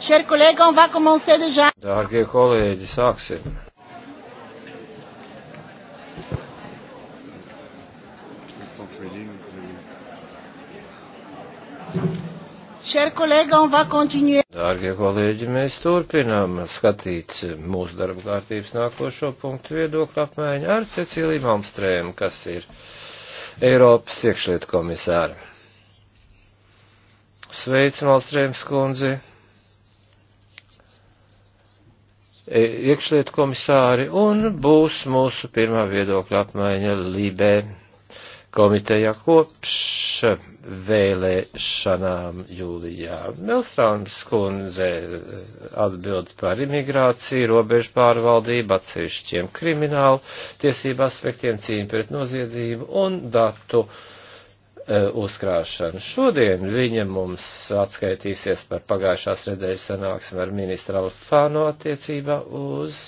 Chers collègues, on va commencer déjà. Dārgie kolēģi, sāksim. Dārgie kolēģi, mēs turpinām skatīt mūsu darba kārtības nākošo punktu viedokļu apmaiņu ar Cecīliju Malmstrēmu, kas ir Eiropas iekšlietu komisāra. Sveic, Malstrēms kundzi! E, iekšlietu komisāri un būs mūsu pirmā viedokļa apmaiņa Lībē komitejā kopš vēlēšanām jūlijā. Melstrāns kundze atbild par imigrāciju, robežu pārvaldību, atsevišķiem kriminālu tiesību aspektiem, cīņu pret noziedzību un datu e, uzkrāšanu. Šodien viņa mums atskaitīsies par pagājušās nedēļas sanāksmi ar ministru Alfāno attiecībā uz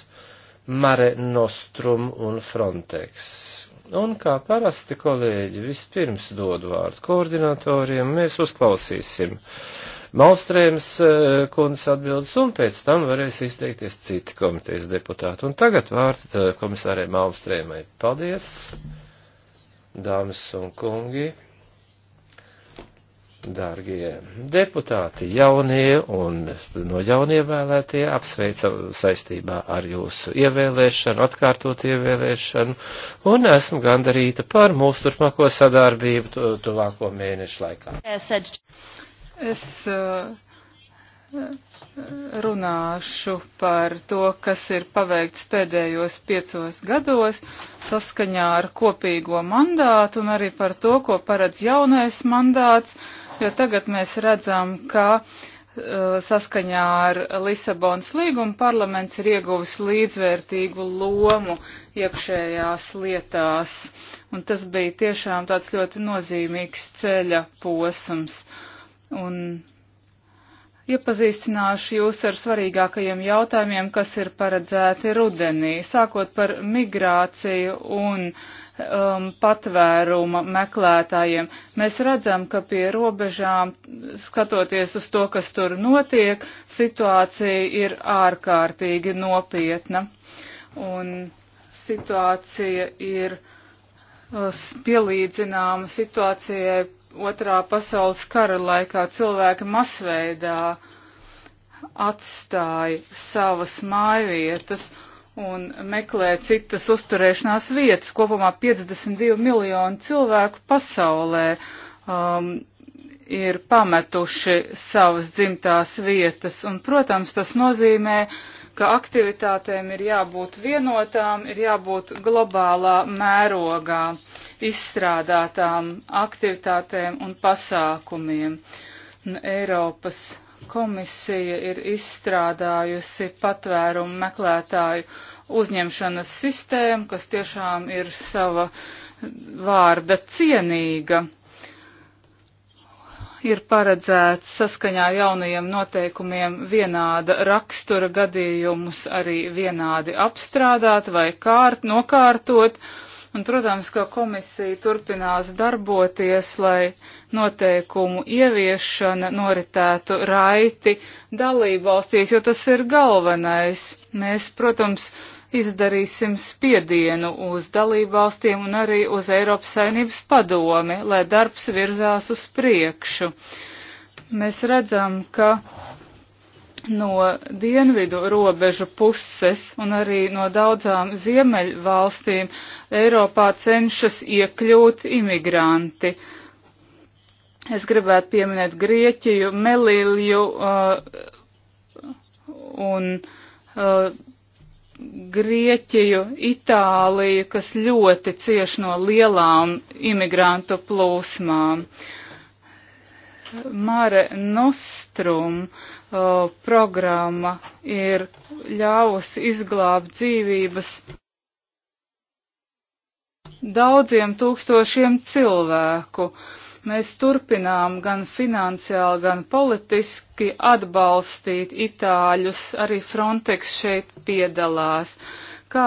Mare Nostrum un Frontex Un kā parasti, kolēģi, vispirms dodu vārdu koordinatoriem, mēs uzklausīsim Malstrēmas eh, kundas atbildes, un pēc tam varēs izteikties citi komitejas deputāti. Un tagad vārds eh, komisārē Malstrēmai. Paldies, dāmas un kungi! Dārgie deputāti, jaunie un no jaunievēlētie apsveicu saistībā ar jūsu ievēlēšanu, atkārtot ievēlēšanu, un esmu gandarīta par mūsu turpmāko sadarbību tu, tuvāko mēnešu laikā. Es eh, runāšu par to, kas ir paveikts pēdējos piecos gados saskaņā ar kopīgo mandātu un arī par to, ko paredz jaunais mandāts jo tagad mēs redzam, ka uh, saskaņā ar Lisabonas līgumu parlaments ir ieguvis līdzvērtīgu lomu iekšējās lietās, un tas bija tiešām tāds ļoti nozīmīgs ceļa posms. Un Iepazīstināšu jūs ar svarīgākajiem jautājumiem, kas ir paredzēti rudenī, sākot par migrāciju un um, patvēruma meklētājiem. Mēs redzam, ka pie robežām, skatoties uz to, kas tur notiek, situācija ir ārkārtīgi nopietna. Un situācija ir uh, pielīdzināma situācijai otrā pasaules kara laikā cilvēki masveidā atstāja savas mājvietas un meklē citas uzturēšanās vietas. Kopumā 52 miljoni cilvēku pasaulē um, ir pametuši savas dzimtās vietas. Un, protams, tas nozīmē, ka aktivitātēm ir jābūt vienotām, ir jābūt globālā mērogā. Uh, izstrādātām aktivitātēm un pasākumiem. Un Eiropas komisija ir izstrādājusi patvērumu meklētāju uzņemšanas sistēmu, kas tiešām ir sava vārda cienīga. Ir paredzēts saskaņā jaunajiem noteikumiem vienāda rakstura gadījumus arī vienādi apstrādāt vai kārt, nokārtot. Uh, Un, protams, ka komisija turpinās darboties, lai noteikumu ieviešana noritētu raiti dalībvalstīs, jo tas ir galvenais. Mēs, protams, izdarīsim spiedienu uz dalībvalstiem un arī uz Eiropas saimnības padomi, lai darbs virzās uz priekšu. Mēs redzam, ka no dienvidu robežu puses un arī no daudzām ziemeļu valstīm Eiropā cenšas iekļūt imigranti. Es gribētu pieminēt Grieķiju, Melīlju uh, un uh, Grieķiju, Itāliju, kas ļoti cieši no lielām imigrantu plūsmām. Uh, Mare Nostrum uh, programma ir ļāvusi izglābt dzīvības daudziem tūkstošiem cilvēku. Mēs turpinām gan finansiāli, gan politiski atbalstīt itāļus, arī Frontex šeit piedalās. Kā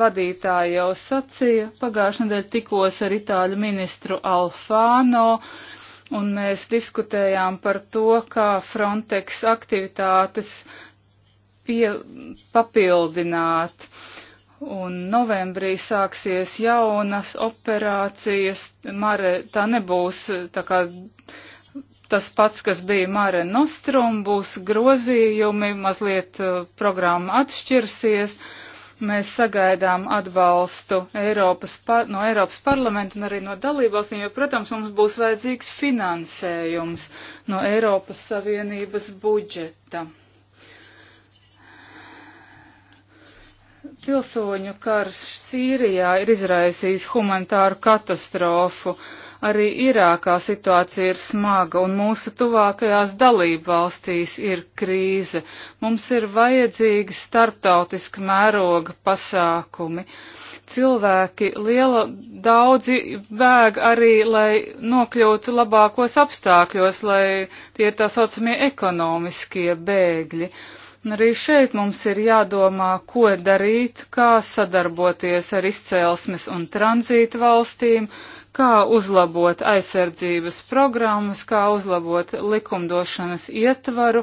vadītāji jau sacīja, pagājušajā nedēļā tikos ar itāļu ministru Alfāno, uh, un mēs diskutējām par to, kā Frontex aktivitātes pie, papildināt. Un novembrī sāksies jaunas operācijas. Mare, tā nebūs tā kā tas pats, kas bija Mare Nostrum, būs grozījumi, mazliet eh, programma atšķirsies. Uh, Mēs sagaidām atbalstu Eiropas, no Eiropas parlamenta un arī no dalībvalstīm, jo, protams, mums būs vajadzīgs finansējums no Eiropas Savienības budžeta. Pilsoņu karš Sīrijā ir izraisījis humanitāru katastrofu. Uh, Arī Irākā situācija ir smaga un mūsu tuvākajās dalību valstīs ir krīze. Mums ir vajadzīgi starptautiska mēroga pasākumi. Cilvēki liela daudzi bēg arī, lai nokļūtu labākos apstākļos, lai tie ir tā saucamie ekonomiskie bēgļi. Un arī šeit mums ir jādomā, ko darīt, kā sadarboties ar izcēlesmes un tranzītu valstīm, kā uzlabot aizsardzības programmas, kā uzlabot likumdošanas ietvaru,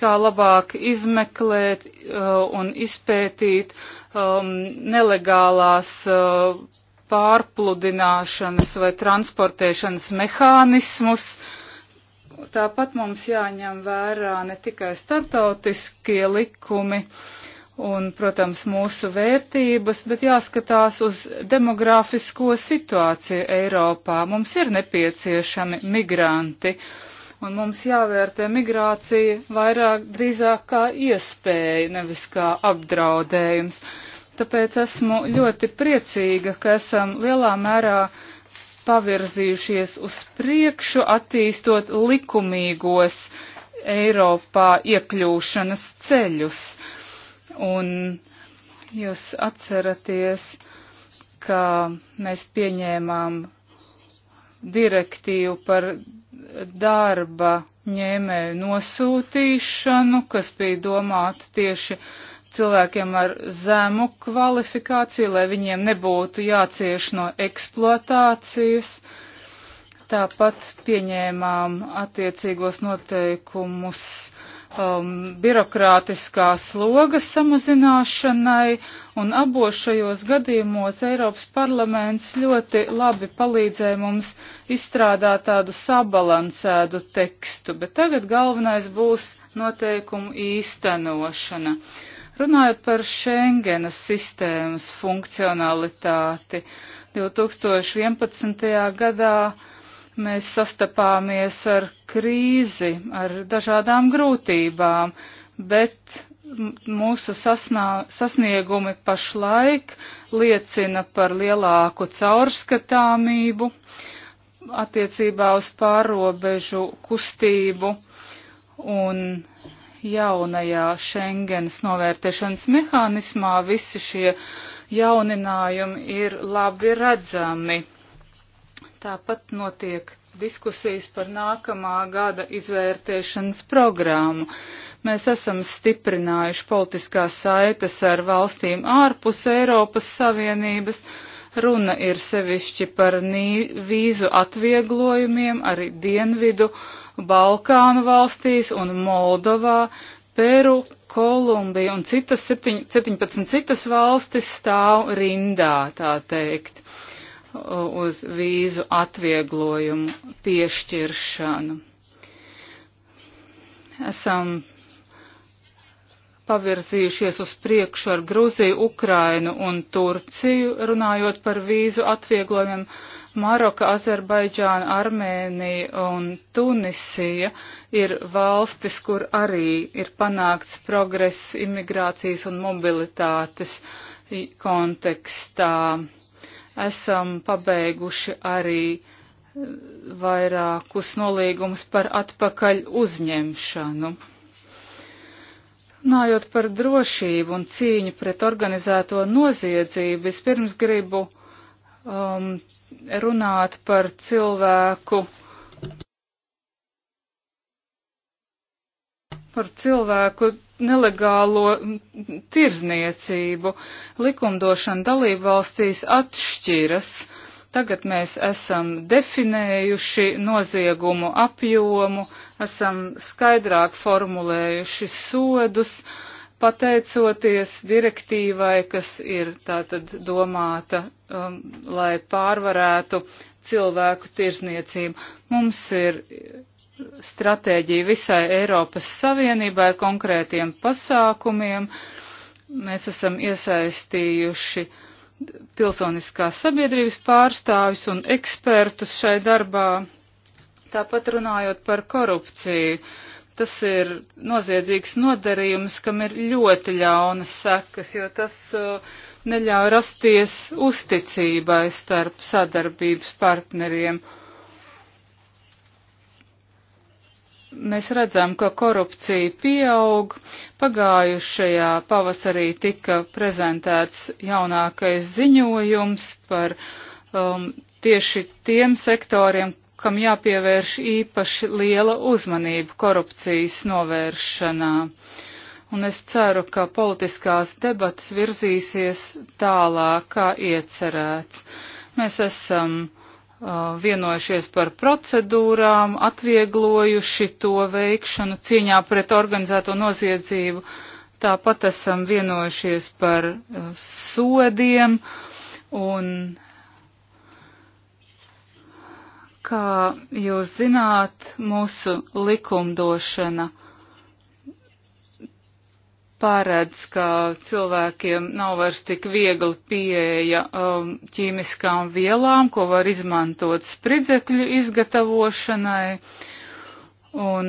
kā labāk izmeklēt uh, un izpētīt um, nelegālās uh, pārpludināšanas vai transportēšanas mehānismus. Tāpat mums jāņem vērā ne tikai startautiskie likumi, uh, un, protams, mūsu vērtības, bet jāskatās uz demografisko situāciju Eiropā. Mums ir nepieciešami migranti, un mums jāvērtē migrācija vairāk drīzāk kā iespēja, nevis kā apdraudējums. Tāpēc esmu ļoti priecīga, ka esam lielā mērā pavirzījušies uz priekšu, attīstot likumīgos Eiropā iekļūšanas ceļus. Uh, Un jūs atceraties, ka mēs pieņēmām direktīvu par darba ņēmēju nosūtīšanu, kas bija domāta tieši cilvēkiem ar zemu kvalifikāciju, lai viņiem nebūtu jācieš no eksploatācijas. Tāpat pieņēmām attiecīgos noteikumus um, birokrātiskā sloga samazināšanai, un abos šajos gadījumos Eiropas parlaments ļoti labi palīdzēja mums izstrādāt tādu sabalansētu tekstu, bet tagad galvenais būs noteikumu īstenošana. Runājot par Schengenas sistēmas funkcionalitāti, 2011. gadā Mēs sastapāmies ar krīzi, ar dažādām grūtībām, bet mūsu sasnā, sasniegumi pašlaik liecina par lielāku caurskatāmību attiecībā uz pārobežu kustību un jaunajā Schengenas novērtēšanas mehānismā visi šie jauninājumi ir labi redzami. Tāpat notiek diskusijas par nākamā gada izvērtēšanas programmu. Mēs esam stiprinājuši politiskās saites ar valstīm ārpus Eiropas Savienības. Runa ir sevišķi par vīzu atvieglojumiem arī Dienvidu, Balkānu valstīs un Moldovā, Peru, Kolumbija un citas 17 citas valstis stāv rindā, tā teikt uz vīzu atvieglojumu piešķiršanu. Esam pavirzījušies uz priekšu ar Gruziju, Ukrainu un Turciju, runājot par vīzu atvieglojumiem. Maroka, Azerbaidžāna, Armēnija un Tunisija ir valstis, kur arī ir panākts progress imigrācijas un mobilitātes kontekstā esam pabeiguši arī eh, vairākus nolīgumus par atpakaļ uzņemšanu. Runājot par drošību un cīņu pret organizēto noziedzību, vispirms gribu um, runāt par cilvēku, par cilvēku nelegālo tirzniecību. Likumdošana dalību valstīs atšķiras. Tagad mēs esam definējuši noziegumu apjomu, esam skaidrāk formulējuši sodus, pateicoties direktīvai, kas ir tātad domāta, um, lai pārvarētu cilvēku tirzniecību. Mums ir stratēģiju visai Eiropas Savienībai konkrētiem pasākumiem. Mēs esam iesaistījuši pilsoniskās sabiedrības pārstāvis un ekspertus šai darbā. Tāpat runājot par korupciju, tas ir noziedzīgs nodarījums, kam ir ļoti ļaunas sekas, jo tas uh, neļauj rasties uzticībai starp sadarbības partneriem. Uh, mēs redzam, ka korupcija pieaug. Pagājušajā pavasarī tika prezentēts jaunākais ziņojums par um, tieši tiem sektoriem, kam jāpievērš īpaši liela uzmanība korupcijas novēršanā. Un es ceru, ka politiskās debatas virzīsies tālāk, kā iecerēts. Mēs esam Uh, vienojušies par procedūrām, atvieglojuši to veikšanu cīņā pret organizēto noziedzību. Tāpat esam vienojušies par uh, sodiem un, kā jūs zināt, mūsu likumdošana pārēdz, ka cilvēkiem nav vairs tik viegli pieeja um, ķīmiskām vielām, ko var izmantot spridzekļu izgatavošanai. Un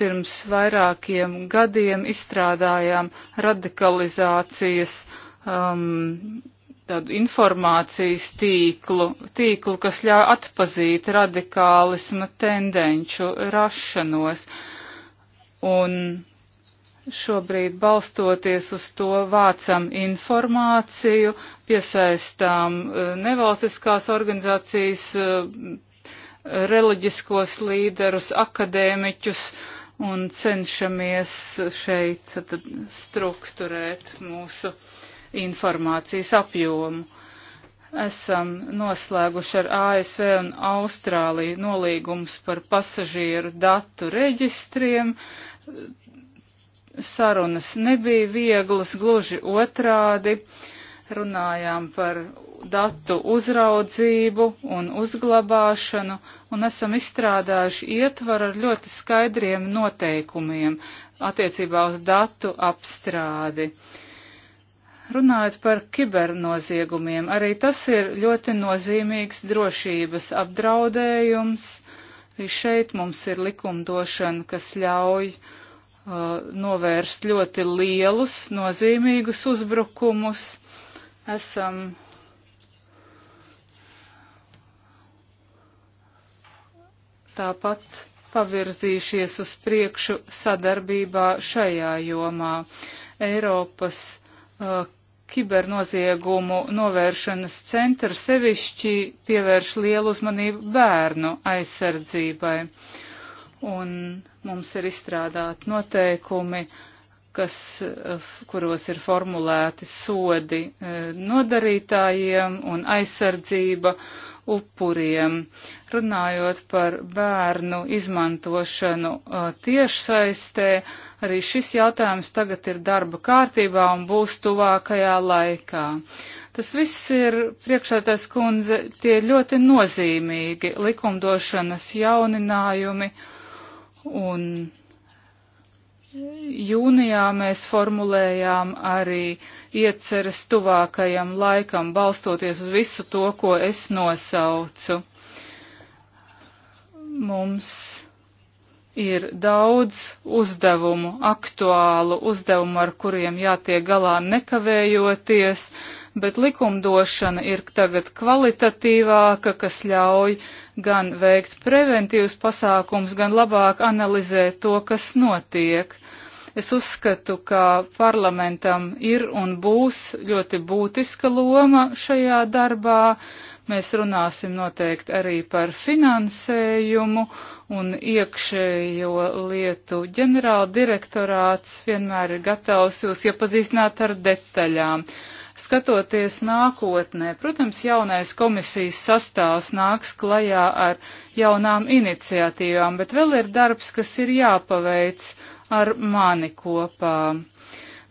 pirms vairākiem gadiem izstrādājām radikalizācijas um, tādu informācijas tīklu, tīklu, kas ļauj atpazīt radikālisma tendenču rašanos. Un Šobrīd balstoties uz to vācam informāciju, piesaistām eh, nevalstiskās organizācijas, eh, reliģiskos līderus, akadēmiķus un cenšamies šeit tad, strukturēt mūsu informācijas apjomu. Esam noslēguši ar ASV un Austrāliju nolīgums par pasažieru datu reģistriem. Sarunas nebija vieglas, gluži otrādi. Runājām par datu uzraudzību un uzglabāšanu un esam izstrādājuši ietvaru ar ļoti skaidriem noteikumiem attiecībā uz datu apstrādi. Runājot par kibernoziegumiem, arī tas ir ļoti nozīmīgs drošības apdraudējums. Arī šeit mums ir likumdošana, kas ļauj uh, Uh, novērst ļoti lielus, nozīmīgus uzbrukumus. Esam tāpat pavirzījušies uz priekšu sadarbībā šajā jomā. Eiropas uh, kibernoziegumu novēršanas centra sevišķi pievērš lielu uzmanību bērnu aizsardzībai. Uh, un mums ir izstrādāti noteikumi, kas, eh, kuros ir formulēti sodi eh, nodarītājiem un aizsardzība upuriem. Runājot par bērnu izmantošanu eh, tiešsaistē, arī šis jautājums tagad ir darba kārtībā un būs tuvākajā laikā. Tas viss ir priekšētais kundze, tie ļoti nozīmīgi likumdošanas jauninājumi Un jūnijā mēs formulējām arī ieceres tuvākajam laikam, balstoties uz visu to, ko es nosaucu. Mums ir daudz uzdevumu, aktuālu uzdevumu, ar kuriem jātiek galā nekavējoties, bet likumdošana ir tagad kvalitatīvāka, kas ļauj gan veikt preventīvus pasākums, gan labāk analizēt to, kas notiek. Es uzskatu, ka parlamentam ir un būs ļoti būtiska loma šajā darbā Mēs runāsim noteikti arī par finansējumu un iekšējo lietu ģenerāla direktorāts vienmēr ir gatavs jūs iepazīstināt ar detaļām. Skatoties nākotnē, protams, jaunais komisijas sastāvs nāks klajā ar jaunām iniciatīvām, bet vēl ir darbs, kas ir jāpaveic ar mani kopā.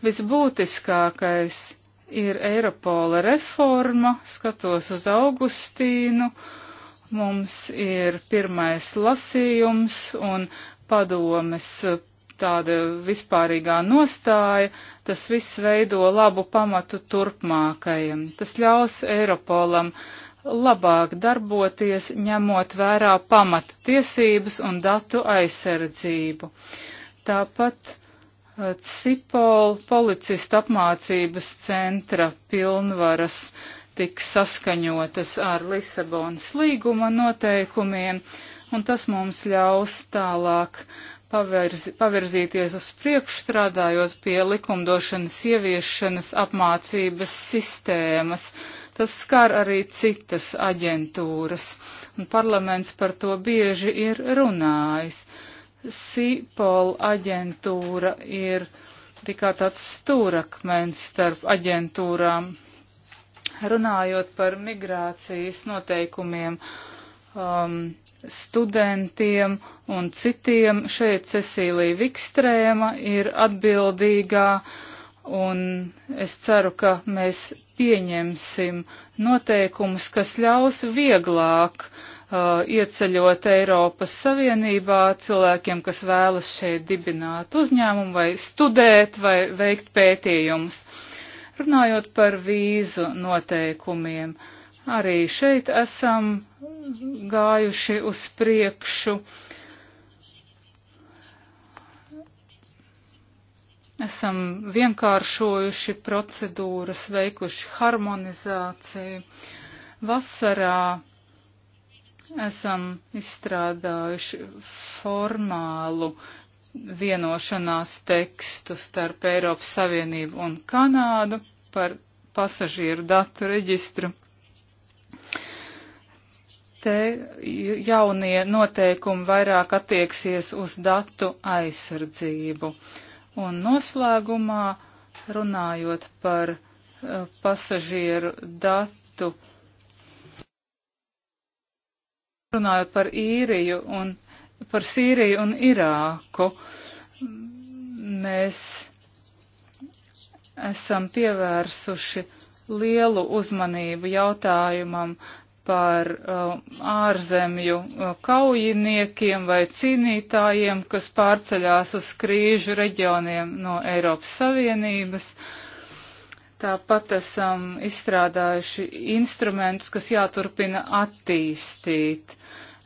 Visbūtiskākais ir Eiropola reforma, skatos uz Augustīnu, mums ir pirmais lasījums un padomes eh, tāda vispārīgā nostāja, tas viss veido labu pamatu turpmākajam. Tas ļaus Eiropolam labāk darboties, ņemot vērā pamata tiesības un datu aizsardzību. Tāpat Cipola policistu apmācības centra pilnvaras tiks saskaņotas ar Lisabonas līguma noteikumiem, un tas mums ļaus tālāk pavirzi, pavirzīties uz priekšu strādājot pie likumdošanas ieviešanas apmācības sistēmas. Tas skar arī citas aģentūras, un parlaments par to bieži ir runājis. SIPOL aģentūra ir tikai tāds stūrakmens starp aģentūrām. Runājot par migrācijas noteikumiem, um, studentiem un citiem, šeit Cecīlija Vikstrēma ir atbildīgā un es ceru, ka mēs pieņemsim noteikumus, kas ļaus vieglāk uh, uh, ieceļot Eiropas Savienībā cilvēkiem, kas vēlas šeit dibināt uzņēmumu vai studēt vai veikt pētījumus. Runājot par vīzu noteikumiem, arī šeit esam gājuši uz priekšu. Esam vienkāršojuši procedūras, veikuši harmonizāciju. Vasarā esam izstrādājuši formālu vienošanās tekstu starp Eiropas Savienību un Kanādu par pasažieru datu reģistru. Te jaunie noteikumi vairāk attieksies uz datu aizsardzību. Un noslēgumā runājot par eh, pasažieru datu reģistru runājot par īriju un par Sīriju un Irāku, mēs esam pievērsuši lielu uzmanību jautājumam par uh, ārzemju uh, kaujiniekiem vai cīnītājiem, kas pārceļās uz krīžu reģioniem no Eiropas Savienības. Uh, Tāpat esam izstrādājuši instrumentus, kas jāturpina attīstīt.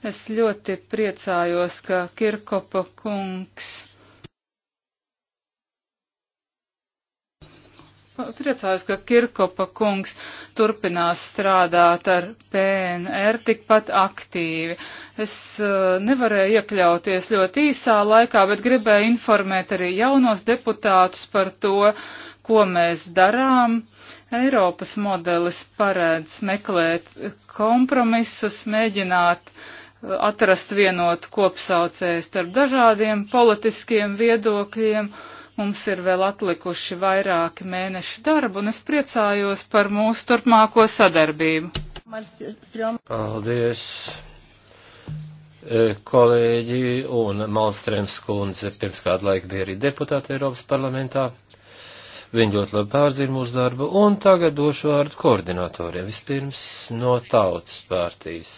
Es ļoti priecājos, ka Kirkopa kungs. Priecājos, ka Kirkopa kungs turpinās strādāt ar PNR tikpat aktīvi. Es uh, nevarēju iekļauties ļoti īsā laikā, bet gribēju informēt arī jaunos deputātus par to, ko mēs darām. Eiropas modelis paredz meklēt kompromisus, mēģināt uh, atrast vienotu kopsaucēju starp dažādiem politiskiem viedokļiem. Mums ir vēl atlikuši vairāki mēneši darbu, un es priecājos par mūsu turpmāko sadarbību. Paldies, e, kolēģi, un Malstrēms kundze pirms kādu laiku bija arī deputāte Eiropas parlamentā. Viņi ļoti labi pārzina mūsu darbu, un tagad došu vārdu koordinatoriem. Vispirms no tautas partijas.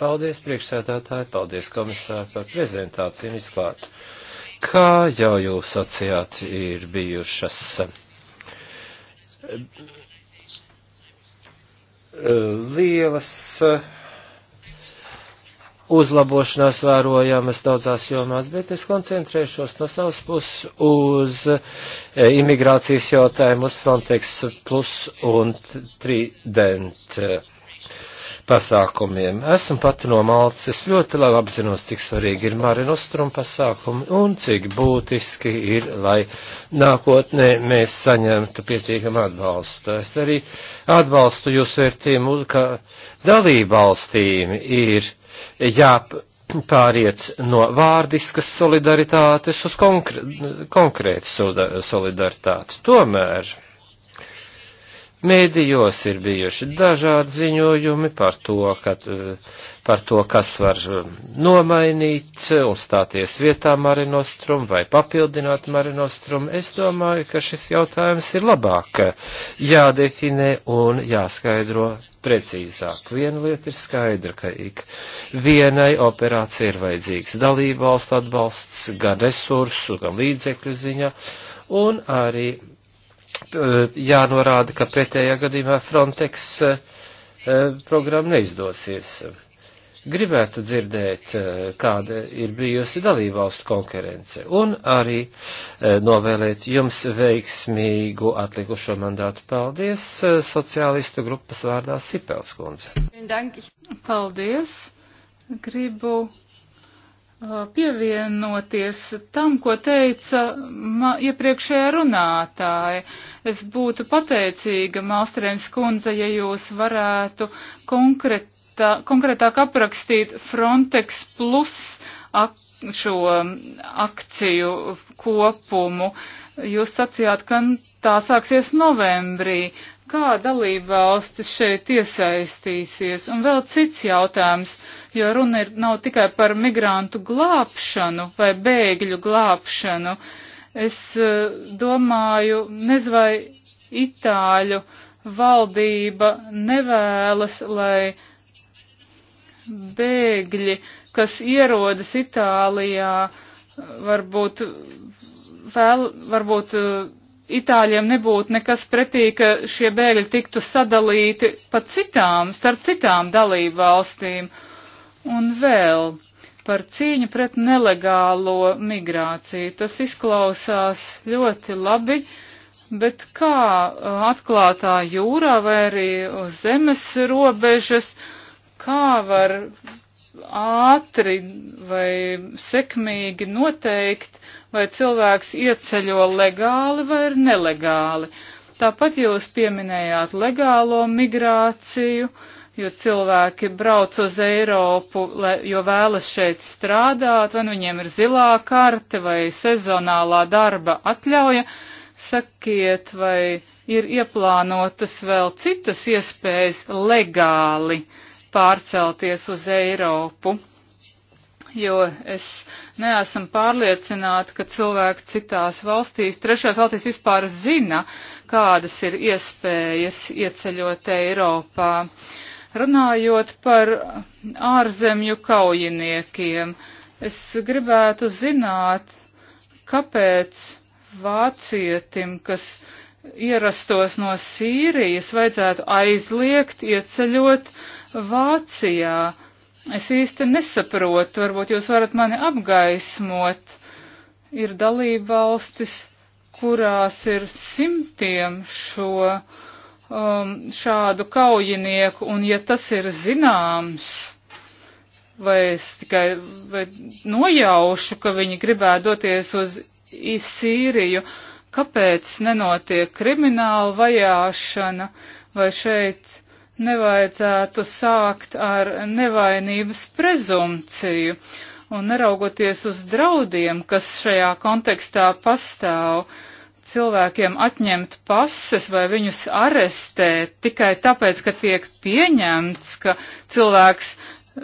Paldies priekšsēdētāji, paldies komisāri par prezentāciju un izklātu. Kā jau jūs sacījāt, ir bijušas eh, lielas eh, uzlabošanās vērojamas daudzās jomās, bet es koncentrēšos no savas puses uz e, imigrācijas jautājumu, uz Frontex plus un trident pasākumiem. Esmu pati no Maltas, es ļoti labi apzinos, cik svarīgi ir marinostrum pasākumi un cik būtiski ir, lai nākotnē mēs saņemtu pietiekam atbalstu. Es arī atbalstu jūs vērtījumu, ka dalībvalstīm ir jāpāriet no vārdiskas solidaritātes uz konkrētu solidaritāti. Tomēr Mēdījos ir bijuši dažādi ziņojumi par to, ka, par to, kas var um, nomainīt un stāties vietā Marinostrum vai papildināt Marinostrum. Es domāju, ka šis jautājums ir labāk jādefinē un jāskaidro precīzāk. Viena lieta ir skaidra, ka ik vienai operācijai ir vajadzīgs dalībvalstu atbalsts, gan resursu, gan līdzekļu ziņā, un arī Eh, jānorāda, ka pretējā gadījumā Frontex eh, eh, programma neizdosies. Gribētu dzirdēt, kāda ir bijusi dalībvalstu konkurence, un arī novēlēt jums veiksmīgu atlikušo mandātu. Paldies, sociālistu grupas vārdā Sipelskundze. Paldies! Gribu Uh, pievienoties tam, ko teica ma, iepriekšējā runātāja. Es būtu pateicīga, Malstrēns kundze, ja jūs varētu konkretā, konkrētāk aprakstīt Frontex plus ak, šo akciju kopumu. Jūs sacījāt, ka tā sāksies novembrī kā dalībvalstis šeit iesaistīsies. Un vēl cits jautājums, jo runa ir nav tikai par migrantu glābšanu vai bēgļu glābšanu. Es eh, domāju, nez vai Itāļu valdība nevēlas, lai bēgļi, kas ierodas Itālijā, varbūt vēl, varbūt eh, Itāļiem nebūtu nekas pretī, ka šie bēgļi tiktu sadalīti pa citām, starp citām dalību valstīm. Un vēl par cīņu pret nelegālo migrāciju. Tas izklausās ļoti labi, bet kā uh, atklātā jūrā vai arī uz zemes robežas, kā var ātri vai sekmīgi noteikt, vai cilvēks ieceļo legāli vai ir nelegāli. Tāpat jūs pieminējāt legālo migrāciju, jo cilvēki brauc uz Eiropu, lai, jo vēlas šeit strādāt, vai nu viņiem ir zilā karte vai sezonālā darba atļauja. Sakiet, vai ir ieplānotas vēl citas iespējas legāli uh, pārcelties uz Eiropu, jo es neesmu pārliecināta, ka cilvēki citās valstīs, trešās valstīs vispār zina, kādas ir iespējas ieceļot Eiropā. Runājot par ārzemju kaujiniekiem, es gribētu zināt, kāpēc vācietim, kas ierastos no Sīrijas vajadzētu aizliegt ieceļot Vācijā. Es īsti nesaprotu, varbūt jūs varat mani apgaismot. Ir dalība valstis, kurās ir simtiem šo um, šādu kaujinieku, un ja tas ir zināms, vai es tikai vai nojaušu, nu, ka viņi gribētu doties uz Sīriju, uh, kāpēc nenotiek krimināla vajāšana, vai šeit nevajadzētu sākt ar nevainības prezumciju. Un neraugoties uz draudiem, kas šajā kontekstā pastāv, cilvēkiem atņemt pases vai viņus arestēt tikai tāpēc, ka tiek pieņemts, ka cilvēks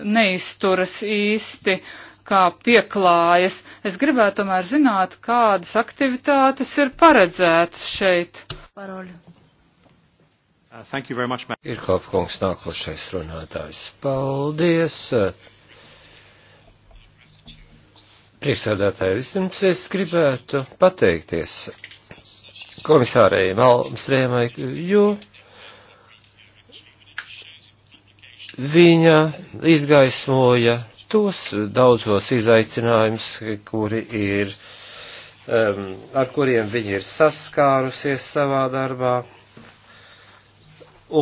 neizturas īsti uh, kā pieklājas. Es gribētu tomēr zināt, kādas aktivitātes ir paredzētas šeit. Paroļu. Uh, much, Irkop kungs nākošais runātājs. Paldies. Priekšsēdētāji, vispirms es gribētu pateikties komisārei Malmstrēmai, jo viņa izgaismoja tos daudzos izaicinājumus, kuri ir, um, ar kuriem viņi ir saskārusies savā darbā,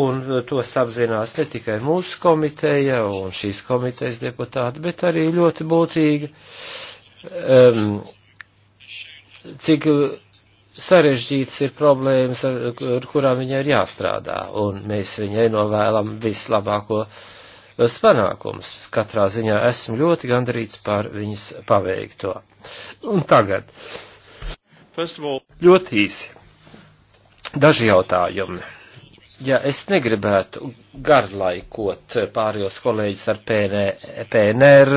un tos apzinās ne tikai mūsu komiteja un šīs komitejas deputāti, bet arī ļoti būtīgi, um, cik sarežģītas ir problēmas, ar, ar kurām viņai ir jāstrādā, un mēs viņai novēlam vislabāko uh, liels panākums. Katrā ziņā esmu ļoti gandarīts par viņas paveikto. Un tagad. All... Ļoti īsi. Daži jautājumi. Ja es negribētu garlaikot pārējos kolēģis ar PNR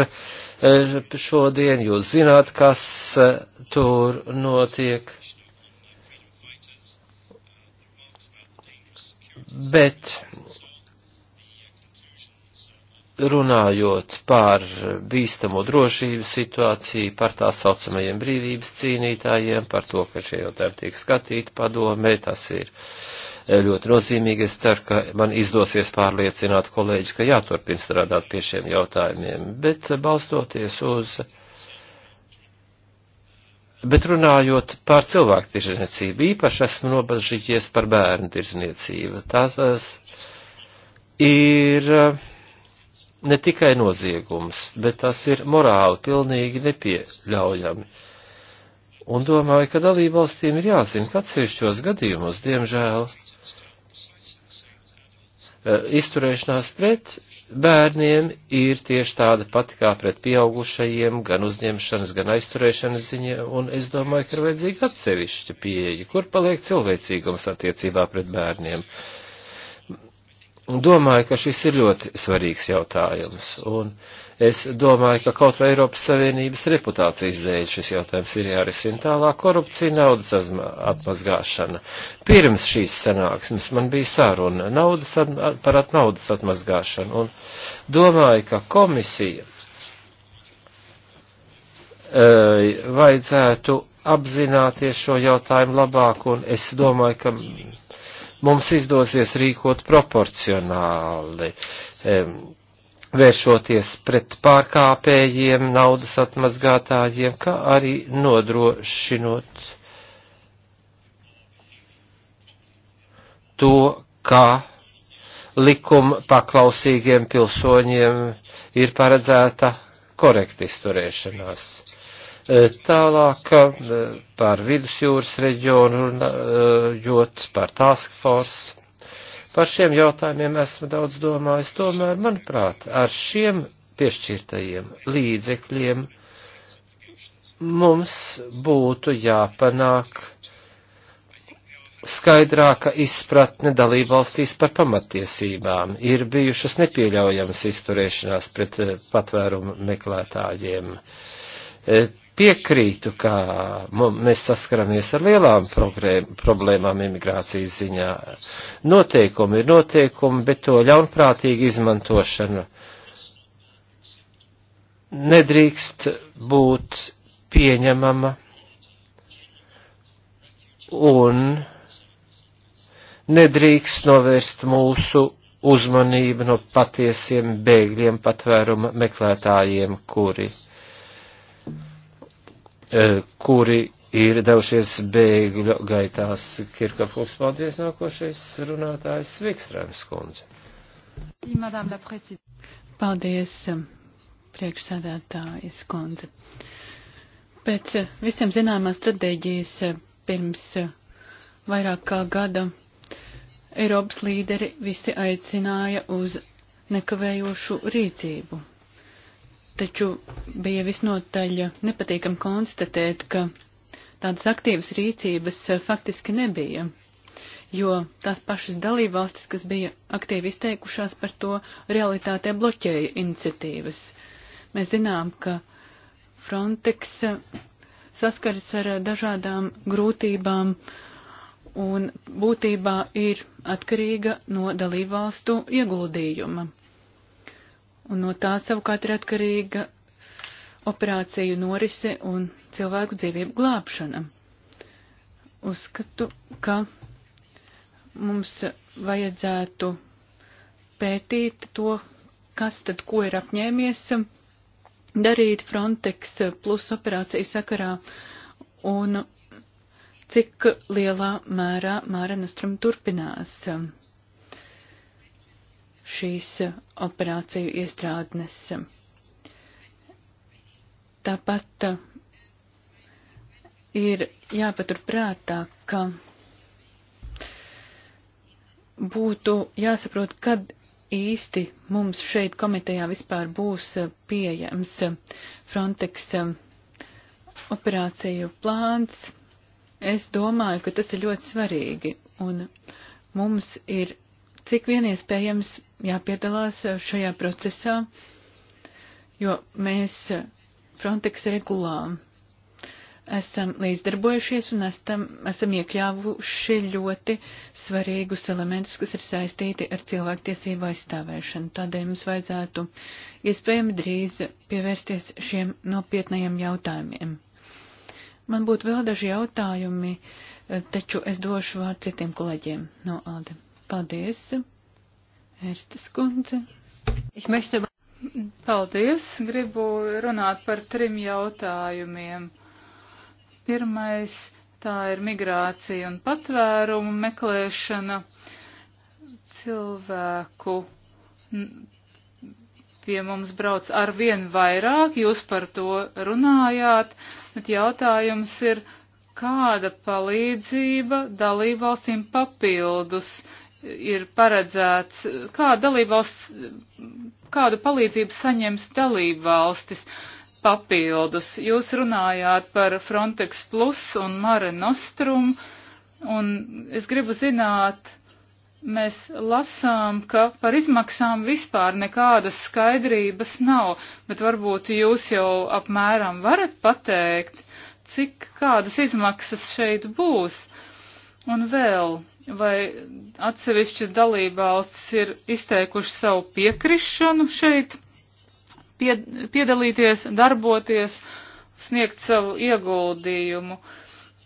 eh, šodien, jūs zināt, kas eh, tur notiek. Bet runājot par bīstamo drošību situāciju, par tā saucamajiem brīvības cīnītājiem, par to, ka šie jautājumi tiek skatīti padomē, tas ir ļoti nozīmīgi. Es ceru, ka man izdosies pārliecināt kolēģis, ka jāturpin strādāt pie šiem jautājumiem, bet balstoties uz. Bet runājot par cilvēku tirzniecību, īpaši esmu nobažījies par bērnu tirzniecību. Tās ir uh, ne tikai noziegums, bet tas ir morāli pilnīgi nepieļaujami. Un domāju, ka dalībvalstīm ir jāzina, ka atsevišķos gadījumos, diemžēl, e, izturēšanās pret bērniem ir tieši tāda pati kā pret pieaugušajiem, gan uzņemšanas, gan aizturēšanas ziņa, un es domāju, ka ir vajadzīga atsevišķa pieeja, kur paliek cilvēcīgums attiecībā pret bērniem. Uh, Un domāju, ka šis ir ļoti svarīgs jautājums. Un es domāju, ka kaut vai Eiropas Savienības reputācijas dēļ šis jautājums ir jārisina tālāk. Korupcija, naudas atmazgāšana. Pirms šīs sanāksmes man bija saruna naudas at, par at, naudas atmazgāšanu. Un domāju, ka komisija e, vajadzētu apzināties šo jautājumu labāk. Un es domāju, ka mums izdosies rīkot proporcionāli, vēršoties pret pārkāpējiem, naudas atmazgātājiem, kā arī nodrošinot to, kā likuma paklausīgiem pilsoņiem ir paredzēta korekta izturēšanās. E, tālāk e, par vidusjūras reģionu runājot, e, par task force. Par šiem jautājumiem esmu daudz domājis, tomēr, manuprāt, ar šiem piešķirtajiem līdzekļiem mums būtu jāpanāk skaidrāka izpratne dalībvalstīs par pamatiesībām. Ir bijušas nepieļaujamas izturēšanās pret patvērumu meklētājiem piekrītu, ka mēs saskaramies ar lielām problēmām imigrācijas ziņā. Noteikumi ir noteikumi, bet to ļaunprātīgi izmantošana nedrīkst būt pieņemama un nedrīkst novērst mūsu uzmanību no patiesiem bēgļiem patvēruma meklētājiem, kuri Eh, kuri ir devušies bēgļu gaitās. Kirkapkungs, paldies, nākošais runātājs Vikstrēms kundze. Paldies, eh, priekšsēdētājas kundze. Pēc eh, visiem zināmās stratēģijas pirms vairāk kā gada Eiropas līderi visi aicināja uz nekavējošu rīcību Taču bija visnotaļ nepatīkam konstatēt, ka tādas aktīvas rīcības eh, faktiski nebija, jo tās pašas dalībvalstis, kas bija aktīvi izteikušās par to, realitātē bloķēja iniciatīvas. Mēs zinām, ka Frontex eh, saskaras ar eh, dažādām grūtībām un būtībā ir atkarīga no dalībvalstu ieguldījuma. Un no tā savukārt ir atkarīga operāciju norise un cilvēku dzīvību glābšana. Uzskatu, ka mums vajadzētu pētīt to, kas tad ko ir apņēmies darīt Frontex plus operāciju sakarā un cik lielā mērā Māra Nostrum turpinās šīs operāciju iestrādnes. Tāpat ir jāpaturprātā, ka būtu jāsaprot, kad īsti mums šeit komitejā vispār būs pieejams Frontex operāciju plāns. Es domāju, ka tas ir ļoti svarīgi, un mums ir cik vien iespējams jāpiedalās šajā procesā, jo mēs Frontex regulām esam līdzdarbojušies un esam, esam iekļāvuši ļoti svarīgus elementus, kas ir saistīti ar cilvēktiesību aizstāvēšanu. Tādēļ mums vajadzētu iespējami drīz pievērsties šiem nopietnajiem jautājumiem. Man būtu vēl daži jautājumi, taču es došu vārdu citiem kolēģiem no Alde. Paldies, Erstas kundze. Paldies, gribu runāt par trim jautājumiem. Pirmais, tā ir migrācija un patvērumu meklēšana cilvēku pie mums brauc ar vien vairāk, jūs par to runājāt, bet jautājums ir, kāda palīdzība dalībvalstīm papildus ir paredzēts, kā dalībvalsts, kādu palīdzību saņems dalībvalstis papildus. Jūs runājāt par Frontex Plus un Mare Nostrum, un es gribu zināt, mēs lasām, ka par izmaksām vispār nekādas skaidrības nav, bet varbūt jūs jau apmēram varat pateikt, cik kādas izmaksas šeit būs. Un vēl vai atsevišķas dalībvalstis ir izteikuši savu piekrišanu šeit pied, piedalīties, darboties, sniegt savu ieguldījumu.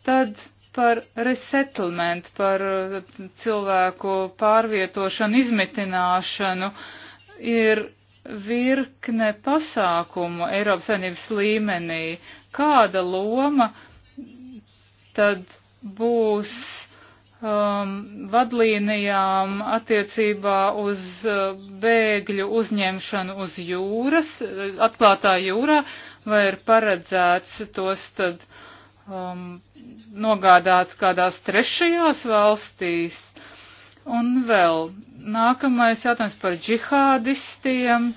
Tad par resettlement, par uh, cilvēku pārvietošanu, izmitināšanu ir virkne pasākumu Eiropas Savienības līmenī. Kāda loma tad būs um, vadlīnijām attiecībā uz uh, bēgļu uzņemšanu uz jūras, uh, atklātā jūrā, vai ir paredzēts tos tad um, nogādāt kādās trešajās valstīs? Un vēl nākamais jautājums par džihādistiem.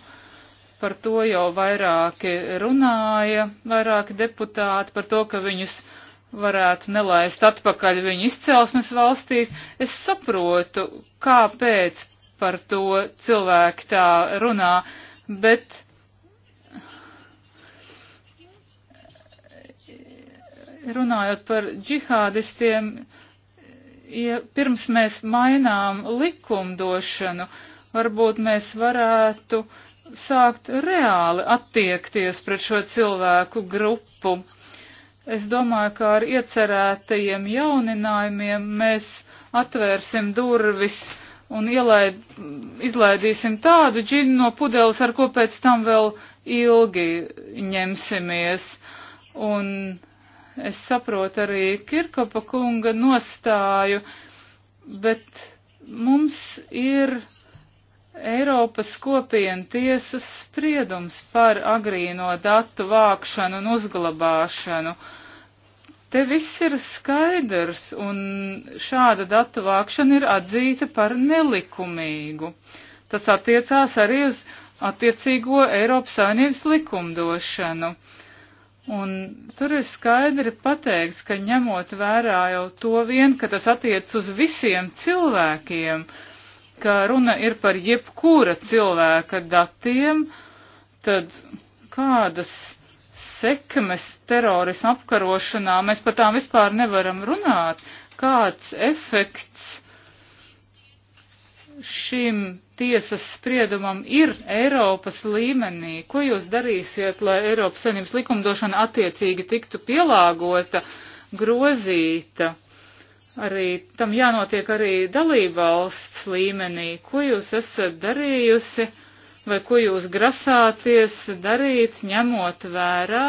Par to jau vairāki runāja, vairāki deputāti, par to, ka viņus uh, varētu nelaist atpakaļ viņu izcelsmes valstīs. Es saprotu, kāpēc par to cilvēki tā runā, bet. Runājot par džihādistiem, ja pirms mēs mainām likumdošanu, varbūt mēs varētu sākt reāli attiekties pret šo cilvēku grupu. Uh, Es domāju, ka ar iecerētajiem jauninājumiem mēs atvērsim durvis un ielaid, izlaidīsim tādu džinu no pudeles, ar ko pēc tam vēl ilgi ņemsimies. Un es saprotu arī Kirkapa kunga nostāju, bet mums ir Eiropas kopienu tiesas spriedums par agrīno datu vākšanu un uzglabāšanu. Te viss ir skaidrs, un šāda datu vākšana ir atzīta par nelikumīgu. Tas attiecās arī uz attiecīgo Eiropas Savienības likumdošanu. Un tur ir skaidri pateikts, ka ņemot vērā jau to vien, ka tas attiec uz visiem cilvēkiem, uh, ka runa ir par jebkura cilvēka datiem, tad kādas sekmes terorismu apkarošanā mēs par tām vispār nevaram runāt? Kāds efekts šim tiesas spriedumam ir Eiropas līmenī? Ko jūs darīsiet, lai Eiropas saimnības likumdošana attiecīgi tiktu pielāgota, grozīta? arī tam jānotiek arī dalībvalsts līmenī. Ko jūs esat darījusi vai ko jūs grasāties darīt, ņemot vērā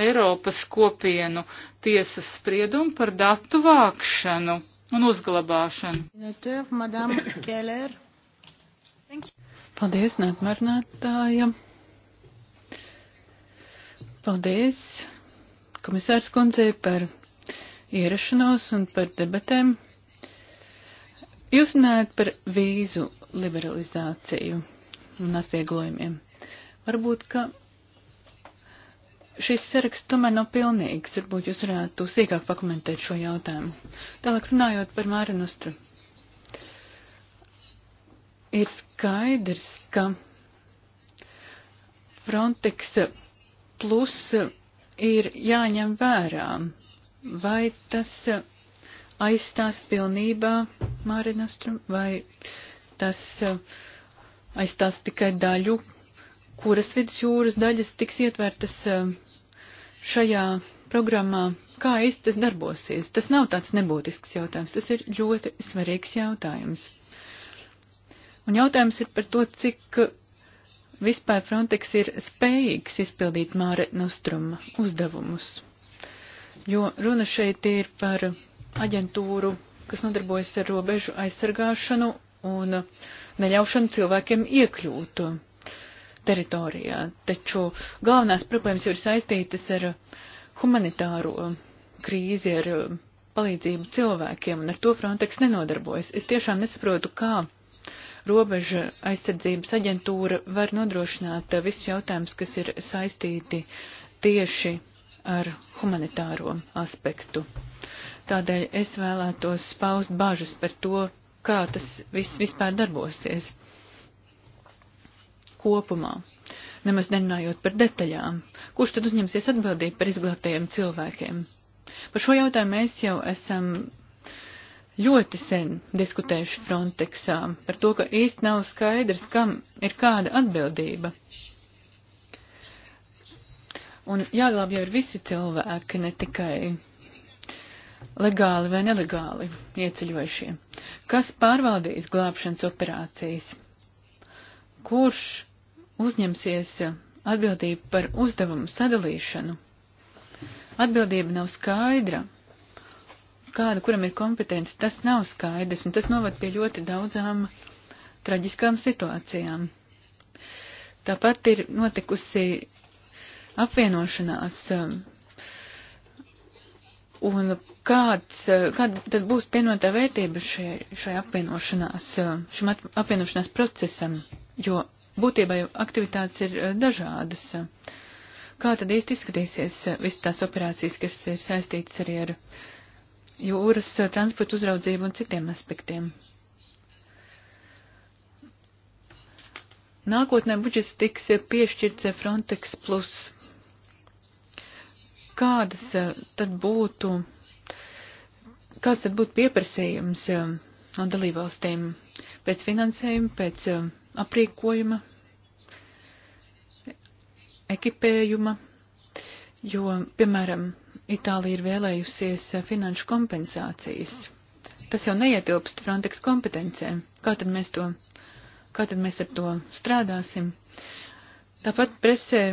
Eiropas kopienu tiesas spriedumu par datu vākšanu un uzglabāšanu? Paldies, neatmērnētājam. Paldies, komisārs kundzei, par ierašanos un par debatēm. Jūs runājat par vīzu liberalizāciju un atvieglojumiem. Varbūt, ka šis saraksts tomēr nav pilnīgs. Varbūt jūs varētu sīkāk pakomentēt šo jautājumu. Tālāk runājot par Māra Nostru. Ir skaidrs, ka Frontex plus ir jāņem vērām vai tas eh, aizstās pilnībā Mārinastrum, vai tas eh, aizstās tikai daļu, kuras vidus jūras daļas tiks ietvērtas eh, šajā programmā, kā īsti tas darbosies. Tas nav tāds nebūtisks jautājums, tas ir ļoti svarīgs jautājums. Un jautājums ir par to, cik vispār Frontex ir spējīgs izpildīt Māre Nostruma uzdevumus jo runa šeit ir par aģentūru, kas nodarbojas ar robežu aizsargāšanu un neļaušanu cilvēkiem iekļūt teritorijā. Taču galvenās problēmas jau ir saistītas ar humanitāro krīzi, ar palīdzību cilvēkiem, un ar to Frontex nenodarbojas. Es tiešām nesaprotu, kā robeža aizsardzības aģentūra var nodrošināt visus jautājumus, kas ir saistīti tieši ar humanitāro aspektu. Tādēļ es vēlētos paust bažas par to, kā tas viss vispār darbosies kopumā, nemaz nerunājot par detaļām. Kurš tad uzņemsies atbildību par izglābtajiem cilvēkiem? Par šo jautājumu mēs jau esam ļoti sen diskutējuši Frontexā par to, ka īsti nav skaidrs, kam ir kāda atbildība. Un jāglābj jau ir visi cilvēki, ne tikai legāli vai nelegāli ieceļojušie. Kas pārvaldīs glābšanas operācijas? Kurš uzņemsies atbildību par uzdevumu sadalīšanu? Atbildība nav skaidra. Kāda, kuram ir kompetence, tas nav skaidrs, un tas novad pie ļoti daudzām traģiskām situācijām. Tāpat ir notikusi apvienošanās. Un kāds, kāda tad būs pienotā vērtība šai, šai apvienošanās, šim apvienošanās procesam, jo būtībā jau aktivitātes ir eh, dažādas. Kā tad īsti izskatīsies eh, visas tās operācijas, kas ir saistītas arī ar jūras eh, transportu uzraudzību un citiem aspektiem? Nākotnē budžets tiks piešķirts Frontex plus kādas eh, tad būtu, kāds tad būtu pieprasījums eh, no dalībvalstīm pēc finansējuma, pēc eh, aprīkojuma, ekipējuma, jo, piemēram, Itālija ir vēlējusies finanšu kompensācijas. Tas jau neietilpst Frontex kompetencē. Kā tad mēs to, kā tad mēs ar to strādāsim? Tāpat presē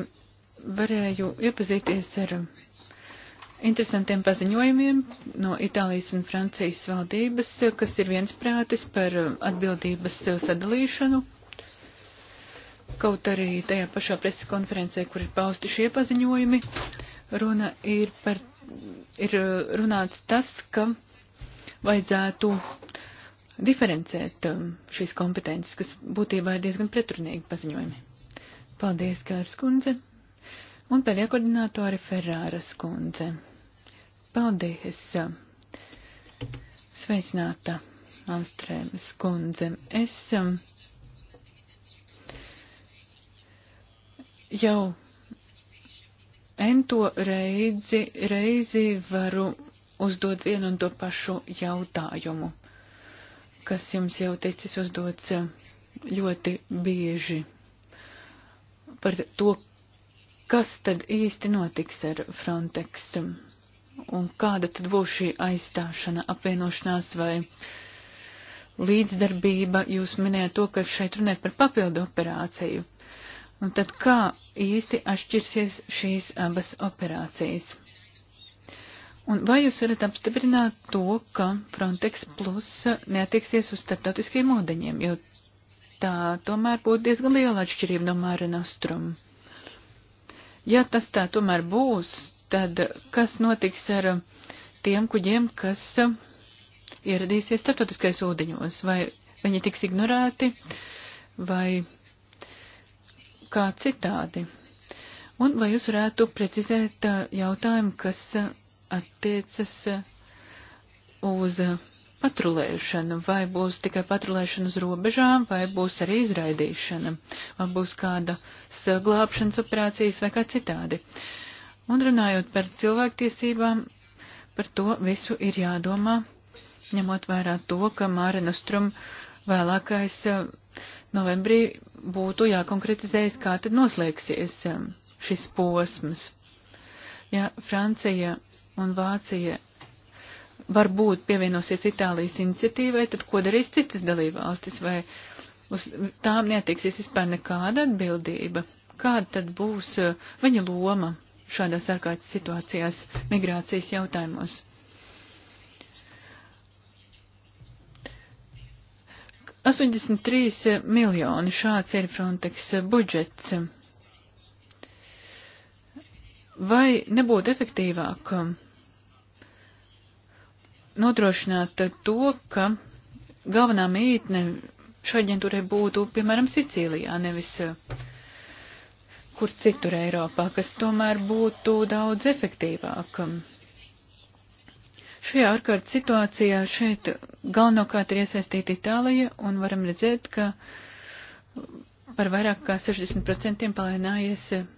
varēju iepazīties ar interesantiem paziņojumiem no Itālijas un Francijas valdības, kas ir viensprātis par uh, atbildības uh, sadalīšanu. Kaut arī tajā pašā preses konferencē, kur ir pausti šie paziņojumi, runa ir, par, ir uh, runāts tas, ka vajadzētu diferencēt um, šīs kompetences, kas būtībā ir diezgan pretrunīgi paziņojumi. Paldies, Kārs Kundze! Un pēdējā koordinātori Ferāras kundze. Paldies! Sveicināta Austrēmas kundze. Es um, jau ento reizi, reizi varu uzdot vienu un to pašu jautājumu, kas jums jau ticis uzdots um, ļoti bieži par to, kas tad īsti notiks ar Frontex un kāda tad būs šī aizstāšana, apvienošanās vai līdzdarbība. Jūs minējāt to, ka šeit runājat par papildu operāciju. Un tad kā īsti atšķirsies šīs abas operācijas? Un vai jūs varat apstiprināt to, ka Frontex Plus neatieksies uz starptautiskiem ūdeņiem, jo tā tomēr būtu diezgan liela atšķirība no Māra Nostrum? Ja tas tā tomēr būs, tad kas notiks ar tiem kuģiem, kas ieradīsies starptautiskais ūdeņos? Vai viņi tiks ignorēti vai kā citādi? Un vai jūs varētu precizēt jautājumu, kas attiecas uz patrulēšanu, vai būs tikai patrulēšana uz robežām, vai būs arī izraidīšana, vai būs kāda glābšanas operācijas vai kā citādi. Un runājot par cilvēktiesībām, par to visu ir jādomā, ņemot vērā to, ka Māra Nostrum vēlākais eh, novembrī būtu jākonkretizējas, kā tad noslēgsies eh, šis posms. Ja Francija un Vācija varbūt pievienosies Itālijas iniciatīvai, tad ko darīs citas dalībvalstis vai uz tām netieksies vispār nekāda atbildība? Kāda tad būs uh, viņa loma šādās ārkārtas situācijās migrācijas jautājumos? - 83 uh, miljoni. Šāds ir Frontex uh, budžets. Vai nebūtu efektīvāk um, nodrošināt to, ka galvenā mītne šai aģentūrai būtu, piemēram, Sicīlijā, nevis eh, kur citur Eiropā, kas tomēr būtu daudz efektīvāk. Šajā ārkārtas situācijā šeit galvenokārt ir iesaistīta Itālija, un varam redzēt, ka par vairāk kā 60% palienājies eh,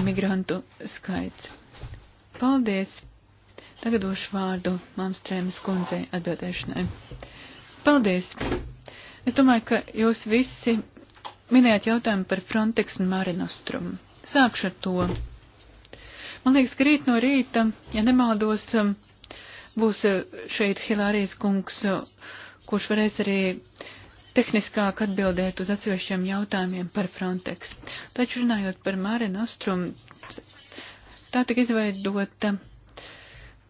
imigrantu skaits. Paldies Tagad došu vārdu Māmstrēmas kundzei atbildēšanai. Paldies! Es domāju, ka jūs visi minējāt jautājumu par Frontex un Marinostrumu. Sākšu ar to. Man liekas, ka rīt no rīta, ja nemaldos, būs eh, šeit Hilārijas kungs, eh, kurš varēs arī tehniskāk atbildēt uz atsevišķiem jautājumiem par Frontex. Taču runājot par Marinostrumu, tā tika izveidota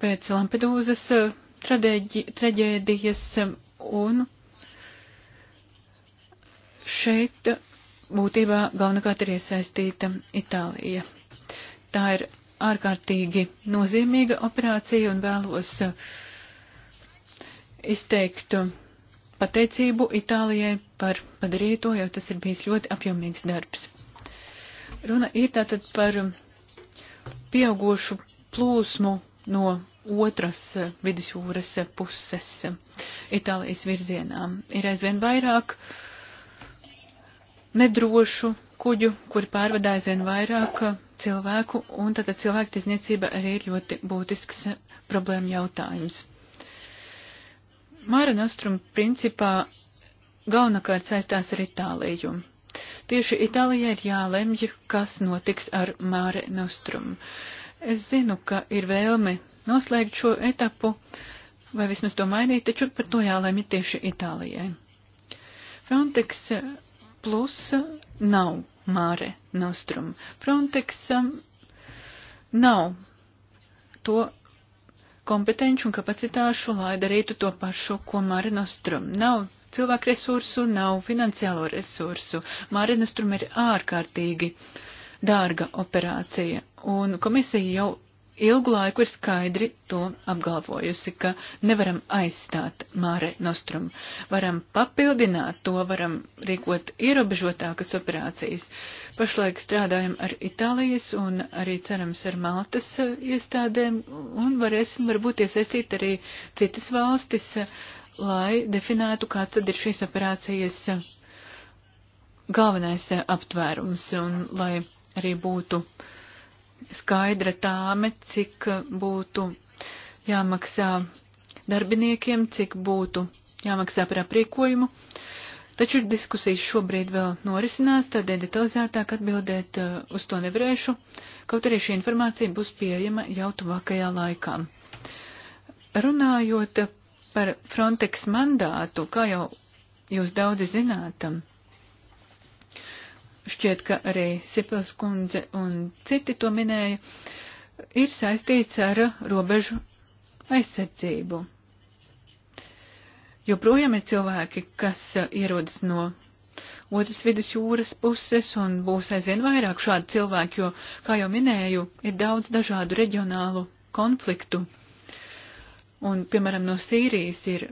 pēc Lampedūzas eh, traģēdijas eh, un šeit būtībā galvenokārt ir iesaistīta Itālija. Tā ir ārkārtīgi nozīmīga operācija un vēlos eh, izteikt pateicību Itālijai par padarīto, jo tas ir bijis ļoti apjomīgs darbs. Runa ir tātad par pieaugošu plūsmu no otras eh, vidusjūras eh, puses eh, Itālijas virzienā. Ir aizvien vairāk nedrošu kuģu, kuri pārvadā aizvien vairāk cilvēku, un tātad cilvēku tiesniecība arī ir ļoti būtisks problēma jautājums. Māra Nostrum principā galvenokārt saistās ar Itāliju. Tieši Itālijai ir jālemj, kas notiks ar Māre Nostrumu Es zinu, ka ir vēlme noslēgt šo etapu, vai vismaz to mainīt, taču par to jālēmj tieši Itālijai. Frontex plus nav Māre Nostrum. Frontex nav to kompetenci un kapacitāšu, lai darītu to pašu, ko Māre Nostrum. Nav cilvēku resursu, nav finansiālo resursu. Māre Nostrum ir ārkārtīgi uh, dārga operācija. Un komisija jau ilgu laiku ir skaidri to apgalvojusi, ka nevaram aizstāt Māre Nostrum. Varam papildināt to, varam rīkot ierobežotākas operācijas. Pašlaik strādājam ar Itālijas un arī cerams ar Maltas eh, iestādēm un varēsim varbūt iesaistīt arī citas valstis, eh, lai definētu, kāds tad ir šīs operācijas eh, galvenais aptvērums un lai arī būtu skaidra tāme, cik būtu jāmaksā darbiniekiem, cik būtu jāmaksā par aprīkojumu. Taču diskusijas šobrīd vēl norisinās, tādēļ detalizētāk atbildēt eh, uz to nevarēšu, kaut arī šī informācija būs pieejama jau tuvākajā laikā. Runājot par Frontex mandātu, kā jau jūs daudzi zinātam, šķiet, ka arī Sipils kundze un citi to minēja, ir saistīts ar robežu aizsardzību. Joprojām ir cilvēki, kas ierodas no otras vidus jūras puses, un būs aizvien vairāk šādu cilvēku, jo, kā jau minēju, ir daudz dažādu reģionālu konfliktu. Un, piemēram, no Sīrijas ir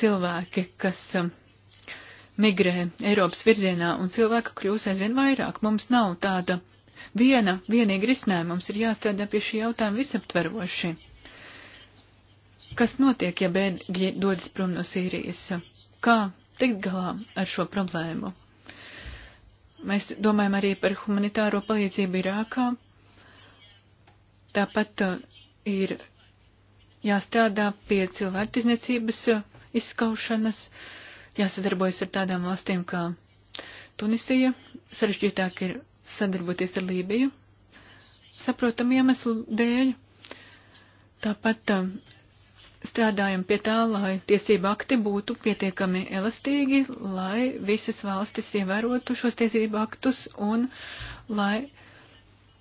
cilvēki, kas migrē Eiropas virzienā un cilvēku kļūs aizvien vairāk. Mums nav tāda viena, vienīga risinājuma. Mums ir jāstrādā pie šī jautājuma visaptveroši. Kas notiek, ja bēgļi dodas prom no Sīrijas? Kā tikt galā ar šo problēmu? Mēs domājam arī par humanitāro palīdzību Irākā. Tāpat uh, ir jāstrādā pie cilvēktizniecības uh, izskaušanas. Uh, jāsadarbojas ar tādām valstīm kā Tunisija, sarežģītāk ir sadarboties ar Lībiju, saprotamu iemeslu dēļ. Tāpat um, strādājam pie tā, lai tiesība akti būtu pietiekami elastīgi, lai visas valstis ievērotu šos tiesību aktus un lai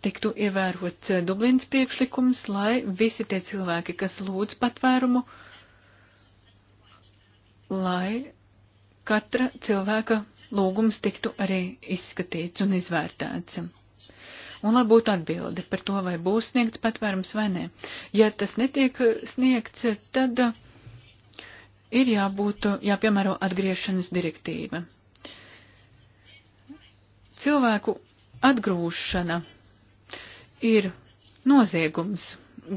tiktu ievērots eh, Dublins priekšlikums, lai visi tie cilvēki, kas lūdz patvērumu, lai katra cilvēka lūgums tiktu arī izskatīts un izvērtēts. Un lai būtu atbildi par to, vai būs sniegts patvērums vai nē. Ja tas netiek sniegts, tad ir jābūt, jāpiemēro atgriešanas direktīva. Cilvēku atgrūšana ir noziegums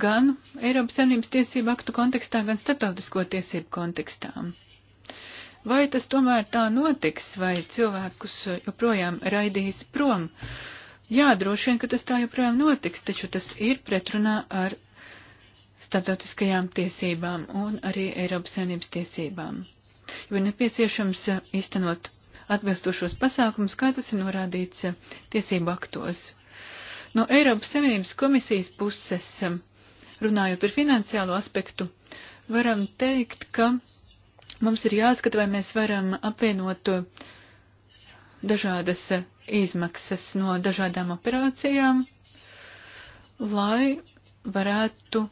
gan Eiropas Savienības tiesību aktu kontekstā, gan starptautisko tiesību kontekstā. Vai tas tomēr tā notiks, vai cilvēkus joprojām raidīs prom? Jā, droši vien, ka tas tā joprojām notiks, taču tas ir pretrunā ar starptautiskajām tiesībām un arī Eiropas Savienības tiesībām. Jo ir nepieciešams iztenot atbilstošos pasākumus, kā tas ir norādīts tiesību aktos. No Eiropas Savienības komisijas puses, runājot par finansiālo aspektu, varam teikt, ka Mums ir jāskata, vai mēs varam apvienot dažādas izmaksas no dažādām operācijām, lai varētu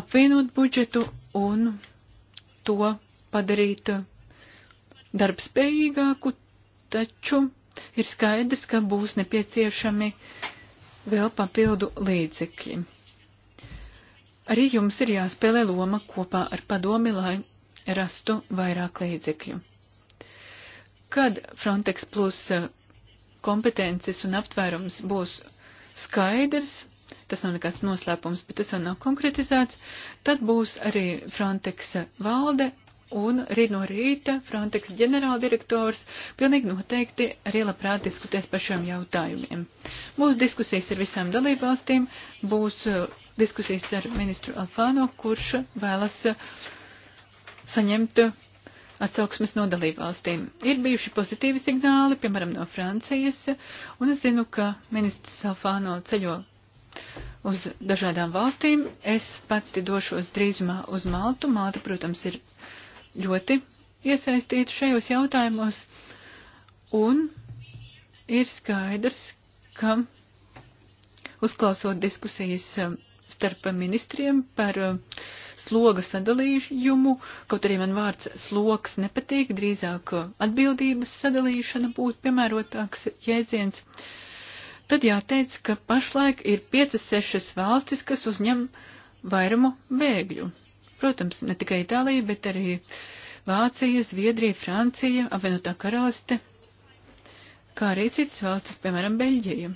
apvienot budžetu un to padarīt darbspējīgāku, taču ir skaidrs, ka būs nepieciešami vēl papildu līdzekļi. Arī jums ir jāspēlē loma kopā ar padomi, lai rastu vairāk līdzekļu. Kad Frontex plus eh, kompetences un aptvērums būs skaidrs, tas nav nekāds noslēpums, bet tas vēl nav konkretizēts, tad būs arī Frontex valde un rīt no rīta Frontex ģenerāldirektors pilnīgi noteikti arī labprāt diskutēs par šiem jautājumiem. Būs diskusijas ar visām dalībvalstīm, būs eh, diskusijas ar ministru Alfāno, kurš vēlas uh, saņemt uh, atsauksmes no dalībvalstīm. Ir bijuši pozitīvi signāli, piemēram, no Francijas, un es zinu, ka ministrs Alfāno ceļo uz dažādām valstīm. Es pati došos drīzumā uz Maltu. Malta, protams, ir ļoti iesaistīta šajos jautājumos, un ir skaidrs, ka uzklausot diskusijas uh, starp ministriem par uh, sloga sadalījumu, kaut arī man vārds sloks nepatīk, drīzāk atbildības sadalīšana būtu piemērotāks jēdziens, tad jāteic, ka pašlaik ir 5-6 valstis, kas uzņem vairumu bēgļu. Protams, ne tikai Itālija, bet arī Vācija, Zviedrija, Francija, Avenotā karaliste, kā arī citas valstis, piemēram, Beļģija.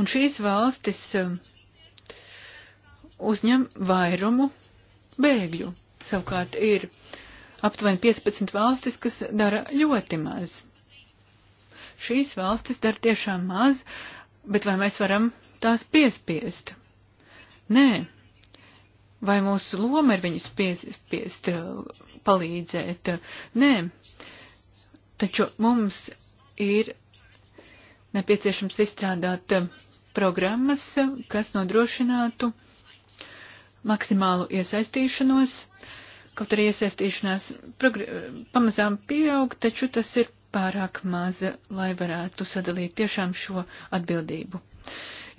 Un šīs valstis eh, uzņem vairumu bēgļu. Savukārt ir aptuveni 15 valstis, kas dara ļoti maz. Šīs valstis dara tiešām maz, bet vai mēs varam tās piespiest? Nē. Vai mūsu loma ir viņus piespiest uh, palīdzēt? Nē. Taču mums ir nepieciešams izstrādāt uh, programmas, uh, kas nodrošinātu uh, maksimālu iesaistīšanos, kaut arī iesaistīšanās pamazām pieaug, taču tas ir pārāk maza, lai varētu sadalīt tiešām šo atbildību.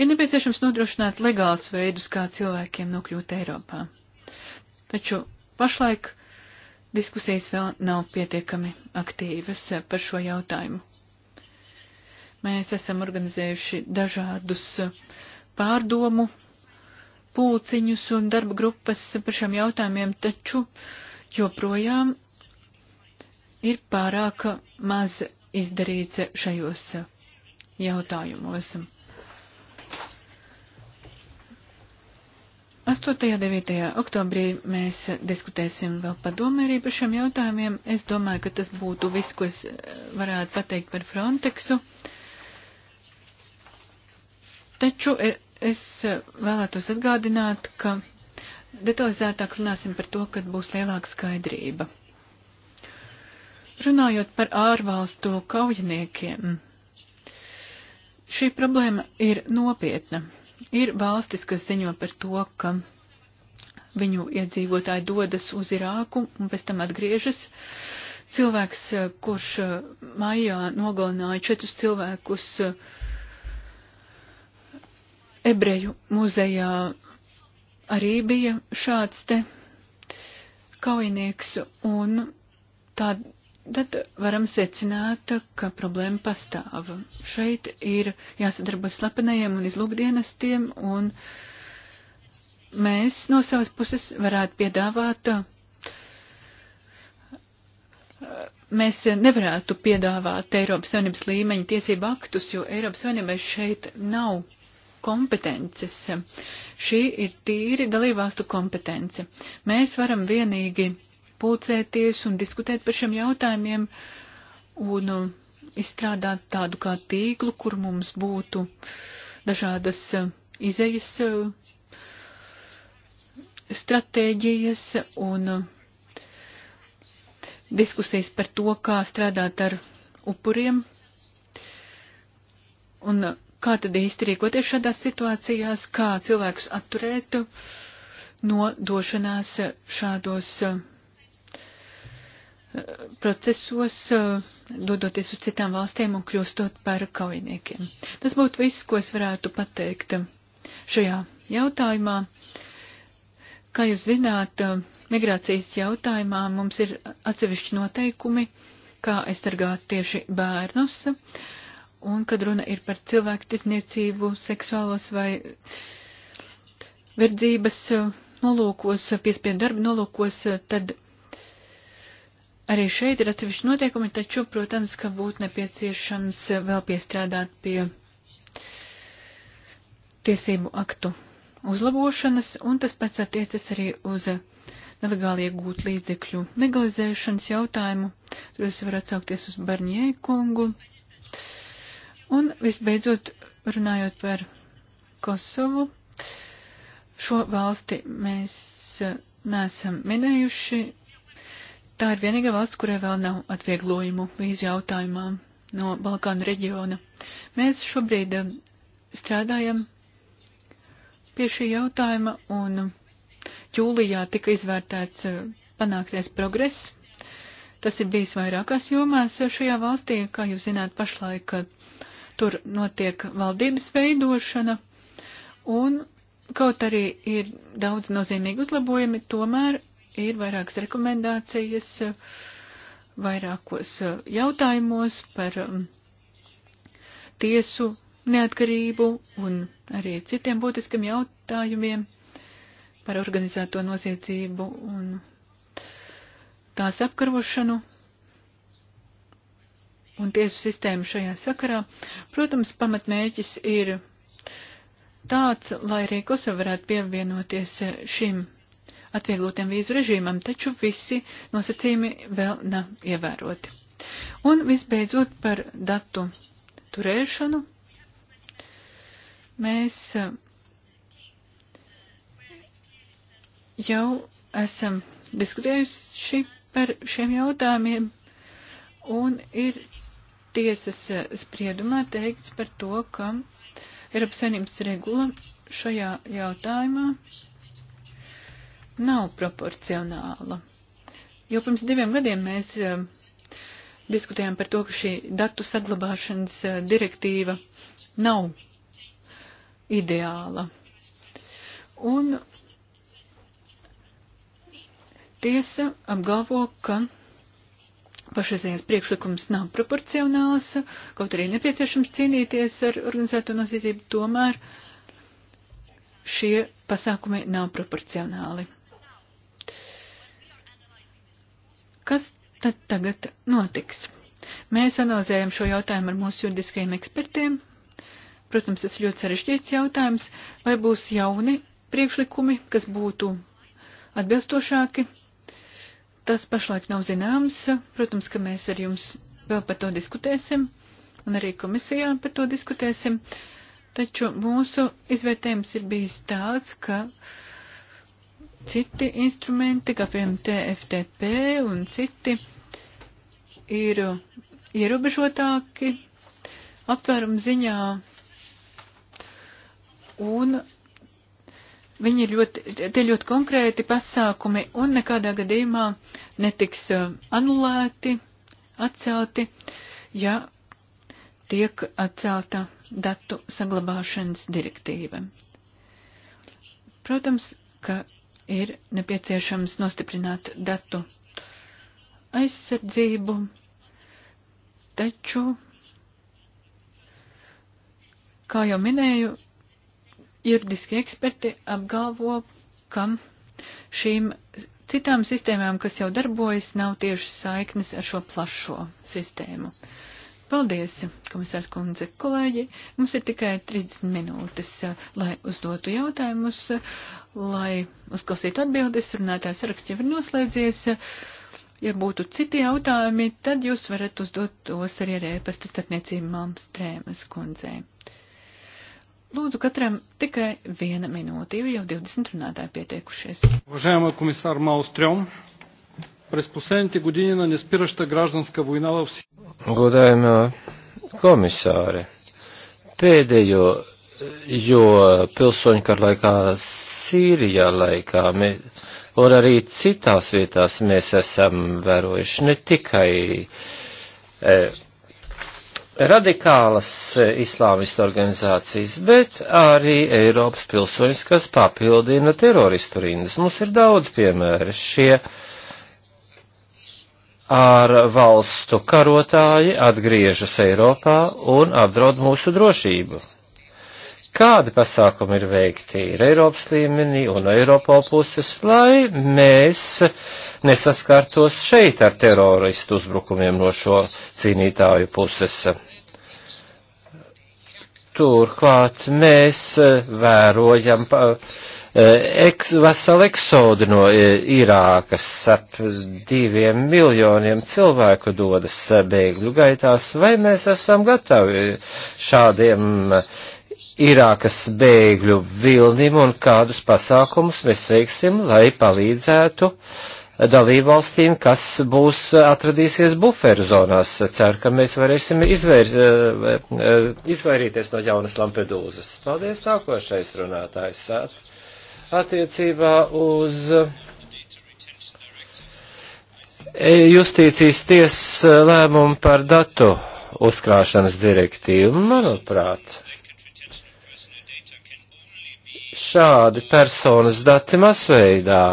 Ir nepieciešams nodrošināt legāls veidus, kā cilvēkiem nokļūt Eiropā. Taču pašlaik diskusijas vēl nav pietiekami aktīvas par šo jautājumu. Mēs esam organizējuši dažādus pārdomu pūciņus un darba grupas par šiem jautājumiem, taču joprojām ir pārāk maz izdarīts šajos jautājumos. 8. un 9. oktobrī mēs diskutēsim vēl padomē arī par šiem jautājumiem. Es domāju, ka tas būtu viss, ko es eh, varētu pateikt par Frontexu. Taču eh, Es eh, vēlētos atgādināt, ka detalizētāk runāsim par to, kad būs lielāka skaidrība. Runājot par ārvalstu kaujiniekiem, šī problēma ir nopietna. Ir valstis, kas ziņo par to, ka viņu iedzīvotāji dodas uz Irāku un pēc tam atgriežas. Cilvēks, eh, kurš eh, maijā nogalināja četrus cilvēkus, uh, ebreju muzejā arī bija šāds te kaujinieks, un tā, tad varam secināt, ka problēma pastāv. Šeit ir jāsadarbojas slepenajiem un izlūkdienestiem, un mēs no savas puses varētu piedāvāt mēs nevarētu piedāvāt Eiropas Savienības līmeņa tiesību aktus, jo Eiropas Savienībai šeit nav kompetences. Šī ir tīri dalībvalstu kompetence. Mēs varam vienīgi pulcēties un diskutēt par šiem jautājumiem un um, izstrādāt tādu kā tīklu, kur mums būtu dažādas um, izejas um, stratēģijas un diskusijas par to, kā strādāt ar upuriem. Un Kā tad īsti rīkoties šādās situācijās, kā cilvēkus atturēt no došanās šādos eh, procesos, eh, dodoties uz citām valstīm un kļūstot par kaujiniekiem. Tas būtu viss, ko es varētu pateikt šajā jautājumā. Kā jūs zināt, migrācijas jautājumā mums ir atsevišķi noteikumi, kā aizsargāt tieši bērnus. Uh, Un, kad runa ir par cilvēku tirdzniecību, seksuālos vai verdzības nolūkos, piespiedu darba nolūkos, tad arī šeit ir atsevišķi noteikumi, taču, protams, ka būtu nepieciešams vēl piestrādāt pie tiesību aktu uzlabošanas, un tas pēc attiecas arī uz nelegāli iegūt līdzekļu legalizēšanas jautājumu. Tur es varu atsaukties uz Barņē kungu Un visbeidzot, runājot par Kosovu, šo valsti mēs e, neesam minējuši. Tā ir vienīgā valsts, kurai vēl nav atvieglojumu vīzu jautājumā no Balkānu reģiona. Mēs šobrīd e, strādājam pie šī jautājuma, un jūlijā tika izvērtēts e, panāktais progress. Tas ir bijis vairākās jomās šajā valstī, kā jūs zināt, pašlaik Tur notiek valdības veidošana, un kaut arī ir daudz nozīmīgi uzlabojumi, tomēr ir vairākas rekomendācijas vairākos eh, jautājumos par um, tiesu neatkarību un arī citiem būtiskiem jautājumiem par organizēto noziedzību un tās apkarošanu un tiesu sistēmu šajā sakarā. Protams, pamatmērķis ir tāds, lai arī Kosova varētu pievienoties eh, šim atvieglotiem vīzu režīmam, taču visi nosacījumi vēl nav ievēroti. Un visbeidzot par datu turēšanu. Mēs eh, jau esam diskutējuši par šiem jautājumiem un ir tiesas eh, spriedumā teikts par to, ka Eiropas saimnības regula šajā jautājumā nav proporcionāla. Jo pirms diviem gadiem mēs eh, diskutējām par to, ka šī datu saglabāšanas eh, direktīva nav ideāla. Un tiesa apgalvo, ka pašreizējais priekšlikums nav proporcionāls, kaut arī nepieciešams cīnīties ar organizēto noziedzību, tomēr šie pasākumi nav proporcionāli. Kas tad tagad notiks? Mēs analizējam šo jautājumu ar mūsu juridiskajiem ekspertiem. Protams, tas ir ļoti sarežģīts jautājums, vai būs jauni priekšlikumi, kas būtu atbilstošāki tas pašlaik nav zināms. Protams, ka mēs ar jums vēl par to diskutēsim un arī komisijā par to diskutēsim. Taču mūsu izvērtējums ir bijis tāds, ka citi instrumenti, kā piemēram TFTP un citi, ir ierobežotāki aptvērumu ziņā un Viņi ir ļoti, tie ļoti konkrēti pasākumi un nekādā gadījumā netiks uh, anulēti, atcelti, ja tiek atcelta datu saglabāšanas direktīva. Protams, ka ir nepieciešams nostiprināt datu aizsardzību, taču, kā jau minēju, juridiskie eksperti apgalvo, ka šīm citām sistēmām, kas jau darbojas, nav tieši saiknes ar šo plašo sistēmu. Paldies, komisārs kundze, kolēģi. Mums ir tikai 30 minūtes, lai uzdotu jautājumus, lai uzklausītu atbildes. Runātājs saraksts jau ir noslēdzies. Ja būtu citi jautājumi, tad jūs varat uzdot tos arī ar e-pasta starpniecībām strēmas kundzei. Lūdzu, katram tikai viena minūte, jo jau 20 runātāji pietiekušies. Уважаема комисар Маустрём, през последните години на неспираща гражданска война в Годājumā komisāri, pēdējo, jo pilsoņu kar laikā Sīrijā laikā mēs, un arī citās vietās mēs esam vērojuši ne tikai eh, radikālas e, islāmistu organizācijas, bet arī Eiropas pilsoņas, kas papildina teroristu rindas. Mums ir daudz piemēru šie ar valstu karotāji atgriežas Eiropā un apdraud mūsu drošību. Kādi pasākumi ir veikti ir Eiropas līmenī un Eiropā puses, lai mēs nesaskārtos šeit ar teroristu uzbrukumiem no šo cīnītāju puses? Turklāt mēs eh, vērojam eks, eh, veselu eksodu no eh, Irākas. Ap diviem miljoniem cilvēku dodas bēgļu gaitās. Vai mēs esam gatavi šādiem Irākas bēgļu vilnim un kādus pasākumus mēs veiksim, lai palīdzētu uh, dalībvalstīm, kas būs eh, atradīsies buferu zonās. Ceru, ka mēs varēsim izvair, eh, eh, izvairīties no jaunas Lampedūzas. Paldies nākošais runātājs attiecībā uz justīcijas tiesas lēmumu par datu uzkrāšanas direktīvu. Manuprāt, šādi personas dati masveidā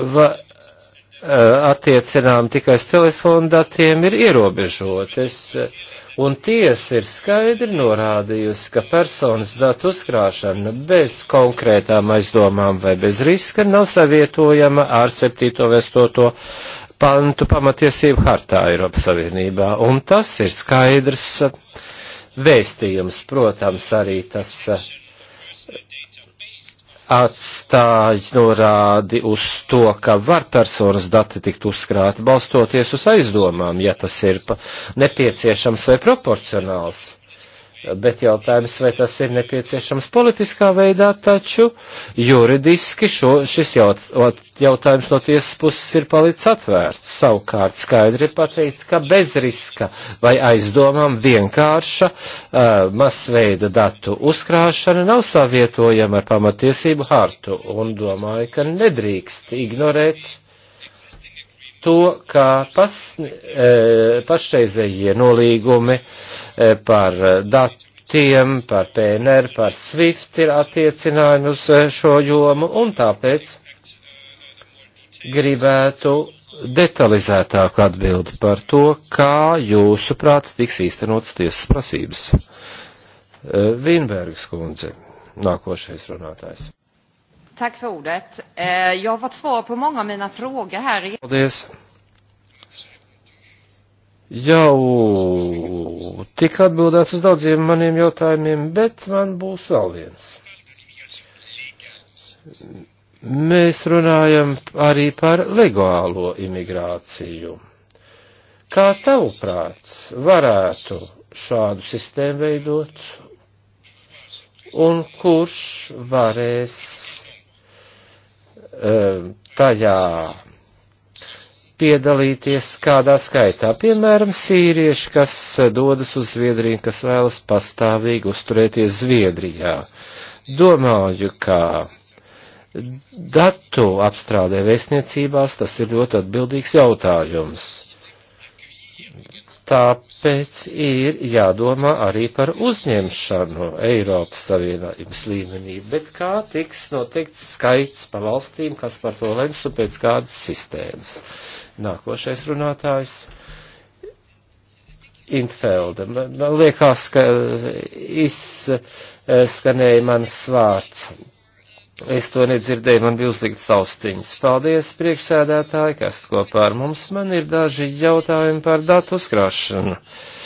va, eh, attiecinām tikai uz telefonu datiem ir ierobežotas, eh, un tiesa ir skaidri norādījusi, ka personas datu uzkrāšana bez konkrētām aizdomām vai bez riska nav savietojama ar 7. vai 8. pantu pamatiesību hartā Eiropas Savienībā, un tas ir skaidrs eh, vēstījums, protams, arī tas atstāj norādi uz to, ka var personas dati tikt uzkrāti balstoties uz aizdomām, ja tas ir nepieciešams vai proporcionāls bet jautājums, vai tas ir nepieciešams politiskā veidā, taču juridiski šo, šis jaut, jautājums no tiesas puses ir palicis atvērts. Savukārt skaidri ir pateikts, ka bez riska vai aizdomām vienkārša uh, masveida datu uzkrāšana nav savietojama ar pamatiesību hartu un domāju, ka nedrīkst ignorēt to, kā pas, e, uh, pašreizējie nolīgumi e, E, par e, datiem, par PNR, par SWIFT ir attiecinājumi uz e, šo jomu, un tāpēc gribētu detalizētāku atbildi par to, kā jūsuprāt tiks īstenotas tiesas prasības. Vinbergs kundze, nākošais runātājs. Tack för ordet. Eh, jag har fått svar på många av mina frågor här. Paldies jau tika atbildēts uz daudziem maniem jautājumiem, bet man būs vēl viens. Mēs runājam arī par legālo imigrāciju. Kā tavuprāt varētu šādu sistēmu veidot un kurš varēs um, tajā piedalīties kādā skaitā. Piemēram, sīrieši, kas dodas uz Zviedriju, kas vēlas pastāvīgi uzturēties Zviedrijā. Domāju, ka datu apstrādē vēstniecībās tas ir ļoti atbildīgs jautājums. Tāpēc ir jādomā arī par uzņemšanu Eiropas Savienības līmenī, bet kā tiks noteikts skaits pa valstīm, kas par to lems un pēc kādas sistēmas. Nākošais runātājs. Intfelda. Man liekas, ka izskanēja mans vārds. Es to nedzirdēju, man bija uzlikts austiņas. Paldies, priekšsēdētāji, kas kopā ar mums man ir daži jautājumi par datu uzkrāšanu. Uh,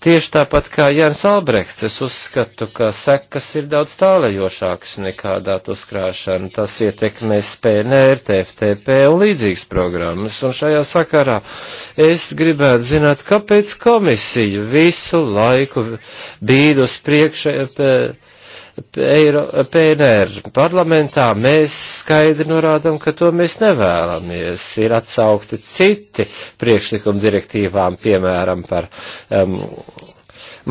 Tieši tāpat kā Jānis Albrechts, es uzskatu, ka sekas ir daudz tālajošākas nekā datu uzkrāšana. Tas ietekmēs PNR, TFTP un līdzīgas programmas. Un šajā sakarā es gribētu zināt, kāpēc komisija visu laiku bīd uz priekšu Eiro, PNR parlamentā mēs skaidri norādām, ka to mēs nevēlamies. Ir atsaukti citi priekšlikumi direktīvām, piemēram, par um,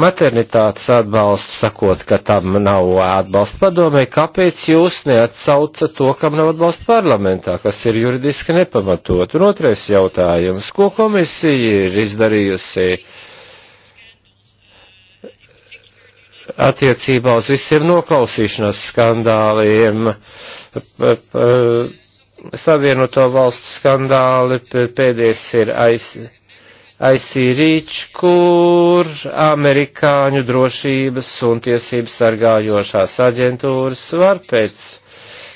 maternitātes atbalstu, sakot, ka tam nav atbalsta padomē, kāpēc jūs neatsauca to, kam nav atbalsta parlamentā, kas ir juridiski nepamatot? Un otrais jautājums, ko komisija ir izdarījusi? Uh, attiecībā uz visiem noklausīšanās skandāliem, savienoto valstu skandāli, pēdējais ir aizsardzība. ICRIČ, kur amerikāņu drošības un tiesības sargājošās aģentūras var pēc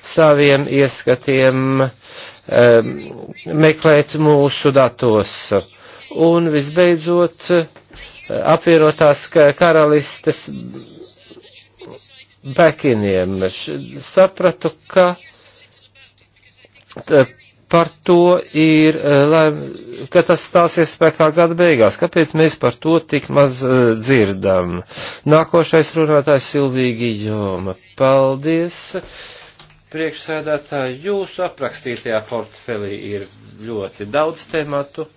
saviem ieskatiem um, meklēt mūsu datos. Un visbeidzot, apvienotās karalistes bekiniem. Sapratu, ka par to ir, e, ka tas stāsies spēkā gada beigās. Kāpēc mēs par to tik maz e, dzirdam? Nākošais runātājs Silvīgi Joma. Paldies! Priekšsēdētāji, jūsu aprakstītajā portfelī ir ļoti daudz tematu.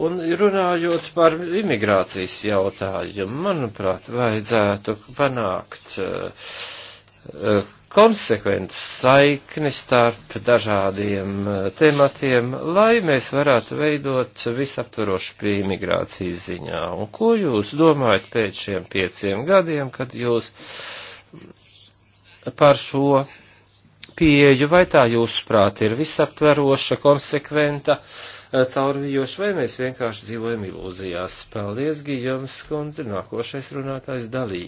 Un runājot par imigrācijas jautājumu, manuprāt, vajadzētu panākt eh, eh, konsekventu saikni starp dažādiem eh, tematiem, lai mēs varētu veidot visaptvarošu pie imigrācijas ziņā. Un ko jūs domājat pēc šiem pieciem gadiem, kad jūs par šo pieeju, vai tā jūsuprāt ir visaptveroša, konsekventa, uh, Eh, caurvijoši, vai mēs vienkārši dzīvojam ilūzijās. Paldies, Gijoms Skundze, nākošais runātājs dalī.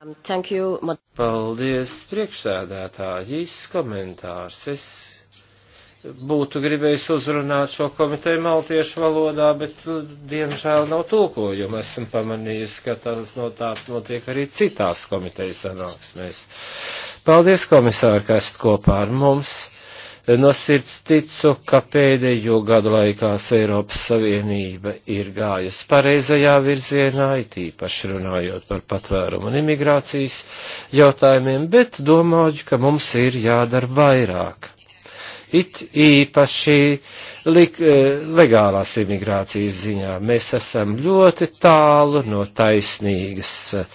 Um, thank you. Paldies, priekšsēdētāji, īsts komentārs. Es būtu gribējis uzrunāt šo komiteju maltiešu valodā, bet, diemžēl, nav tulkojuma. Esmu pamanījis, ka tas no tā notiek arī citās komiteju sanāksmēs. Paldies, komisāri, ka esat kopā ar mums no sirds ticu, ka pēdējo gadu laikās Eiropas Savienība ir gājusi pareizajā virzienā, it īpaši runājot par patvērumu un imigrācijas jautājumiem, bet domāju, ka mums ir jādara vairāk it īpaši lik, eh, legālās imigrācijas ziņā. Mēs esam ļoti tālu no taisnīgas eh,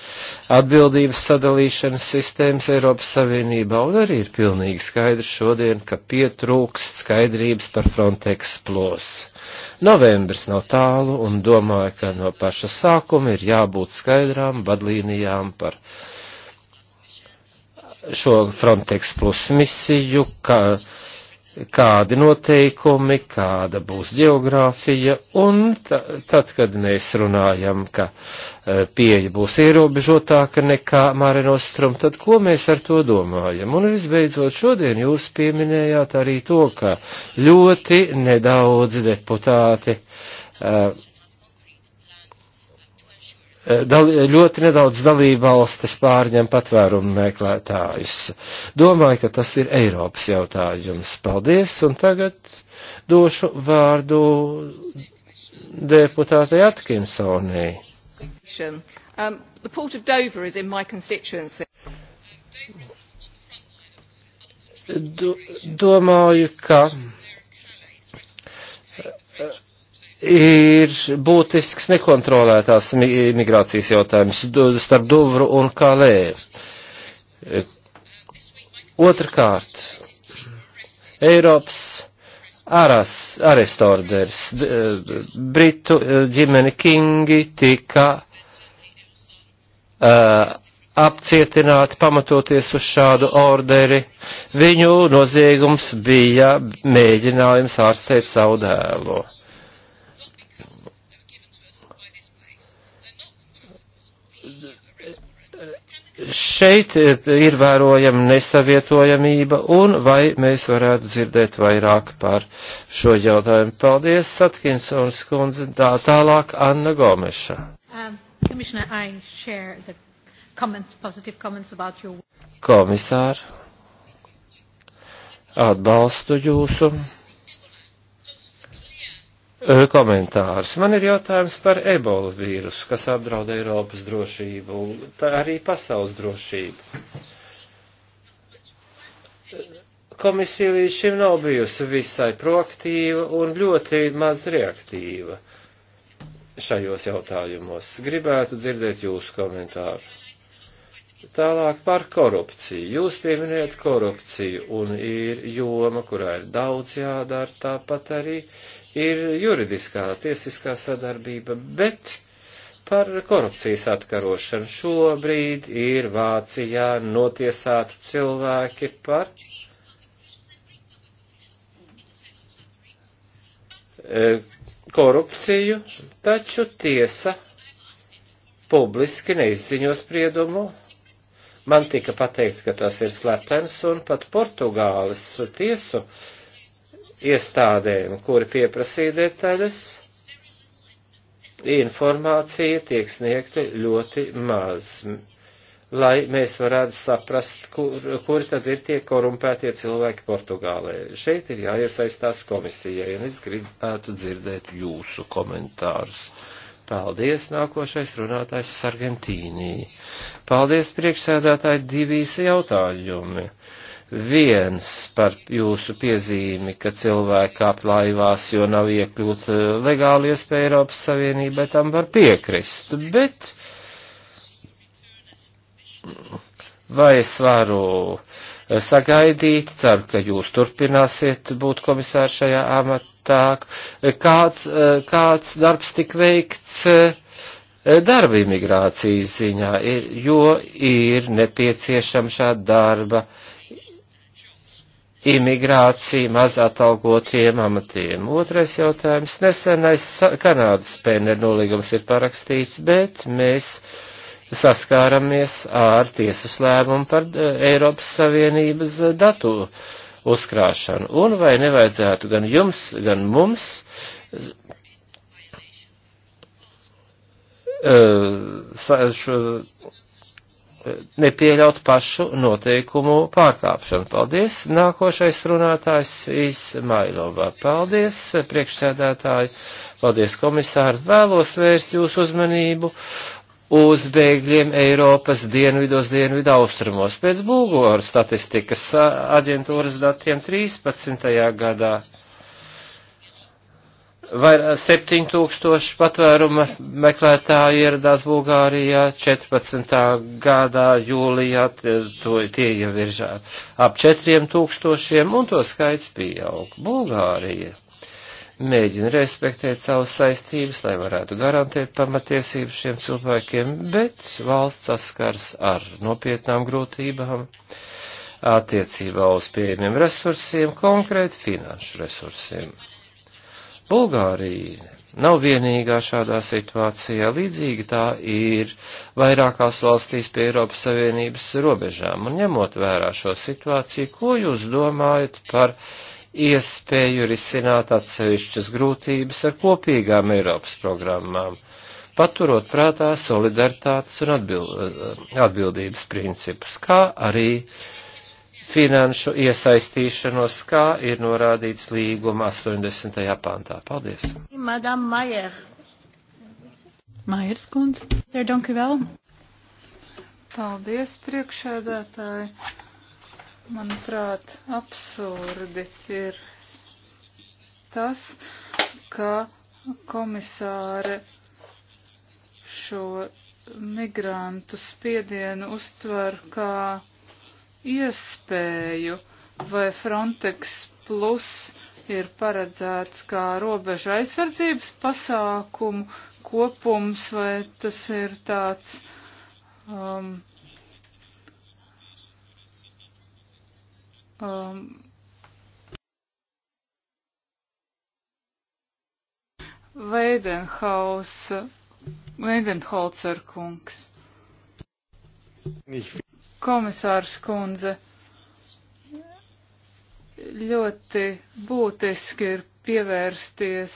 atbildības sadalīšanas sistēmas Eiropas Savienībā, un arī ir pilnīgi skaidrs šodien, ka pietrūkst skaidrības par Frontex plus. Novembris nav tālu, un domāju, ka no paša sākuma ir jābūt skaidrām vadlīnijām par šo Frontex plus misiju, ka uh, kādi noteikumi, kāda būs geogrāfija, un tad, kad mēs runājam, ka e, pieeja būs ierobežotāka nekā Mare Nostrum, tad ko mēs ar to domājam? Un visbeidzot, šodien jūs pieminējāt arī to, ka ļoti nedaudz deputāti uh, Eh, dal, eh, ļoti nedaudz dalībvalstis pārņem patvērumu meklētājus. Domāju, ka tas ir Eiropas jautājums. Paldies, un tagad došu vārdu deputātei Atkinsonī. Um, the port of Dover is in my constituency. Do, domāju, ka. Uh, uh, ir būtisks nekontrolētās migrācijas jautājums starp Duvru un Kalē. Otrkārt, Eiropas aras, arestorders, Britu ģimeni Kingi tika uh, apcietināti pamatoties uz šādu orderi. Viņu noziegums bija mēģinājums ārstēt savu dēlu. Šeit e, ir vērojama nesavietojamība, un vai mēs varētu dzirdēt vairāk par šo jautājumu. Paldies, Satkinsons kundze, tā tālāk Anna Gomeša. Um, comments, comments your... Komisār, atbalstu jūsu komentārus. Man ir jautājums par ebola vīrusu, kas apdraud Eiropas drošību, arī pasaules drošību. Komisija līdz šim nav bijusi visai proaktīva un ļoti maz reaktīva šajos jautājumos. Gribētu dzirdēt jūsu komentāru. Tālāk par korupciju. Jūs pieminējat korupciju un ir joma, kurā ir daudz jādara, tāpat arī ir juridiskā, tiesiskā sadarbība, bet par korupcijas atkarošanu šobrīd ir Vācijā notiesāti cilvēki par e, korupciju, taču tiesa publiski neizziņo spriedumu. Man tika pateikts, ka tas ir slepens, un pat Portugāles tiesu uh, iestādēm, kuri pieprasīja detaļas, informācija tiek sniegta ļoti maz, lai mēs varētu saprast, kur, kur tad ir tie korumpētie cilvēki Portugālē. Šeit ir jāiesaistās komisijai, un es gribētu dzirdēt jūsu komentārus. Paldies, nākošais runātājs Sargentīnī. Paldies, priekšsēdētāji, divīs jautājumi. Uh, viens par jūsu piezīmi, ka cilvēki kāp laivās, jo nav iekļūt eh, legāli iespēja Eiropas Savienībai, tam var piekrist, bet vai es varu eh, sagaidīt, ceru, ka jūs turpināsiet būt komisāri šajā amatā, kāds, eh, kāds darbs tik veikts darba imigrācijas ziņā, jo ir nepieciešama šāda darba imigrācija mazatalgotiem amatiem. Otrais jautājums. Nesenais Kanādas pēner nolīgums ir parakstīts, bet mēs saskāramies ar tiesas lēmumu par e, Eiropas Savienības datu uzkrāšanu. Un vai nevajadzētu gan jums, gan mums e, šo nepieļaut pašu noteikumu pārkāpšanu. Paldies! Nākošais runātājs Ismailova. Paldies, priekšsēdētāji! Paldies, komisāri! Vēlos vērst jūsu uzmanību uz bēgļiem Eiropas dienvidos, dienvidu austrumos. Pēc Bulgāru statistikas aģentūras datiem 13. gadā vai 7000 eh, patvēruma meklētāji ieradās Bulgārijā 14. gadā jūlijā, to, tie jau ir ap 4000 un to skaits pieaug. Bulgārija mēģina respektēt savas saistības, lai varētu garantēt pamatiesības šiem cilvēkiem, bet valsts saskars ar nopietnām grūtībām attiecībā uz pieejamiem resursiem, konkrēti finanšu resursiem. Bulgārija nav vienīgā šādā situācijā, līdzīgi tā ir vairākās valstīs pie Eiropas Savienības robežām. Un ņemot vērā šo situāciju, ko jūs domājat par iespēju risināt atsevišķas grūtības ar kopīgām Eiropas programmām, paturot prātā solidaritātes un atbild, atbildības principus, kā arī uh, finanšu iesaistīšanos, kā ir norādīts līguma 80. pantā. Paldies. Madam Maier. Maiers kundze. Sir Donkevēl. Paldies, priekšēdētāji. Manuprāt, absurdi ir tas, ka komisāre šo migrantu spiedienu uztver kā iespēju, vai Frontex Plus ir paredzēts kā robeža aizsardzības pasākumu kopums, vai tas ir tāds. Um, um, Veidenhausa, Veidenholzer kungs komisārs kundze, ļoti būtiski ir pievērsties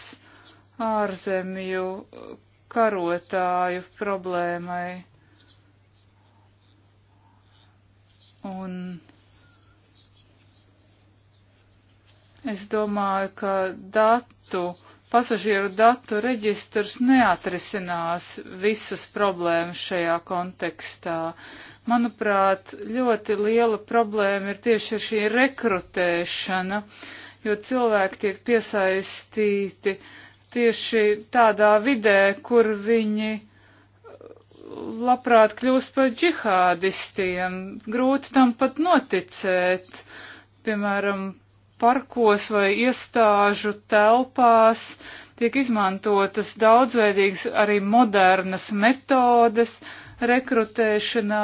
ārzemju karotāju problēmai. Un es domāju, ka datu, pasažieru datu reģistrs neatrisinās visas problēmas šajā kontekstā. Manuprāt, ļoti liela problēma ir tieši šī rekrutēšana, jo cilvēki tiek piesaistīti tieši tādā vidē, kur viņi labprāt kļūst par džihādistiem. Grūti tam pat noticēt. Piemēram, parkos vai iestāžu telpās tiek izmantotas daudzveidīgas arī modernas metodes, rekrutēšanā.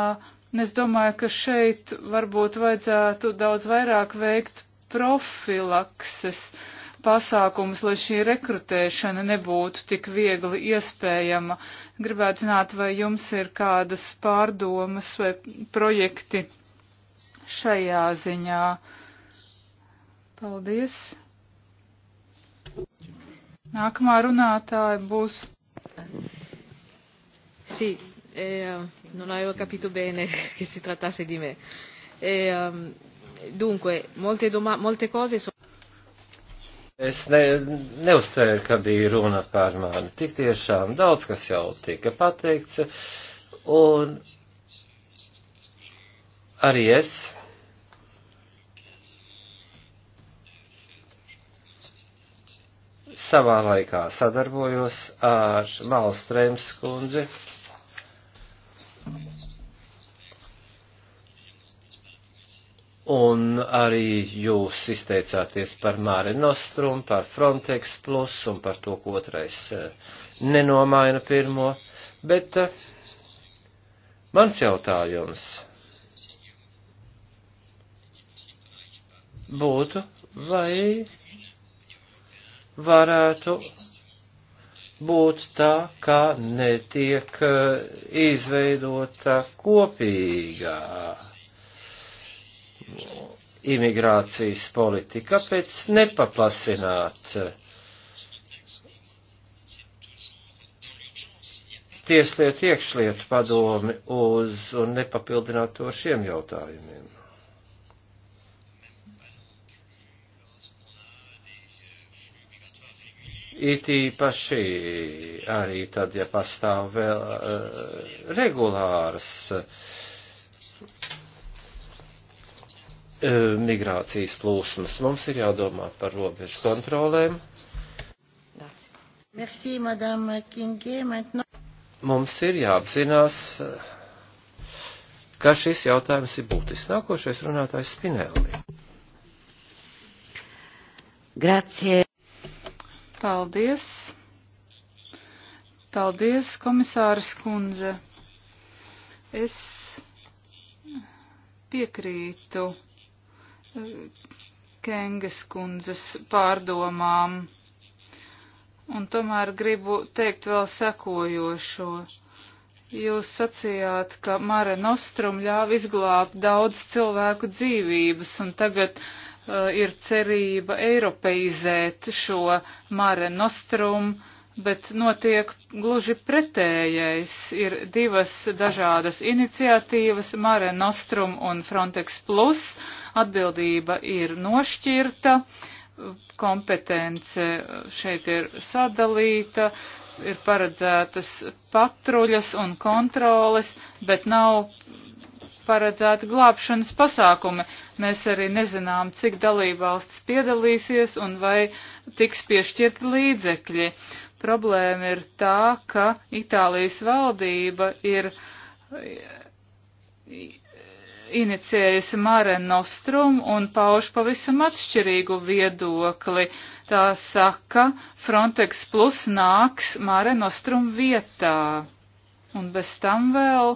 Es domāju, ka šeit varbūt vajadzētu daudz vairāk veikt profilakses pasākumus, lai šī rekrutēšana nebūtu tik viegli iespējama. Gribētu zināt, vai jums ir kādas pārdomas vai projekti šajā ziņā. Paldies! Nākamā runātāja būs. Sī. Sí. E, ehm, non avevo capito bene che si trattasse di me. E, ehm, dunque, molte, doma- molte cose sono. Es ne, neuztēru, ka bija runa par mani. Tik tiešām daudz kas jau tika pateikts, un arī es savā laikā sadarbojos ar Malstrēms kundzi Un arī jūs izteicāties par Māre Nostrum, par Frontex Plus un par to, ko otrais eh, nenomaina pirmo. Bet eh, mans jautājums būtu, vai varētu būt tā, ka netiek eh, izveidota kopīgā imigrācijas politika, kāpēc nepaplasināt eh, tieslietu iekšlietu padomi uz un nepapildināt to šiem jautājumiem? It īpaši arī tad, ja pastāv vēl uh, regulāras uh, E, migrācijas plūsmas. Mums ir jādomā par robežu kontrolēm. Merci, Mums ir jāapzinās, ka šis jautājums ir būtisks. Nākošais runātājs Spinelli. Grazie. Paldies. Paldies, komisāras kundze. Es piekrītu Kengas kundzes pārdomām. Un tomēr gribu teikt vēl sekojošo. Jūs sacījāt, ka Mare Nostrum ļāva izglābt daudz cilvēku dzīvības, un tagad uh, ir cerība eiropeizēt šo Mare Nostrum uh, bet notiek gluži pretējais. Ir divas dažādas iniciatīvas, Mare Nostrum un Frontex Plus. Atbildība ir nošķirta, kompetence šeit ir sadalīta, ir paredzētas patruļas un kontroles, bet nav paredzēti glābšanas pasākumi. Mēs arī nezinām, cik dalībvalstis piedalīsies un vai tiks piešķirti līdzekļi. Problēma ir tā, ka Itālijas valdība ir inicējusi Mare Nostrum un pauž pavisam atšķirīgu viedokli. Tā saka, Frontex Plus nāks Mare Nostrum vietā. Un bez tam vēl,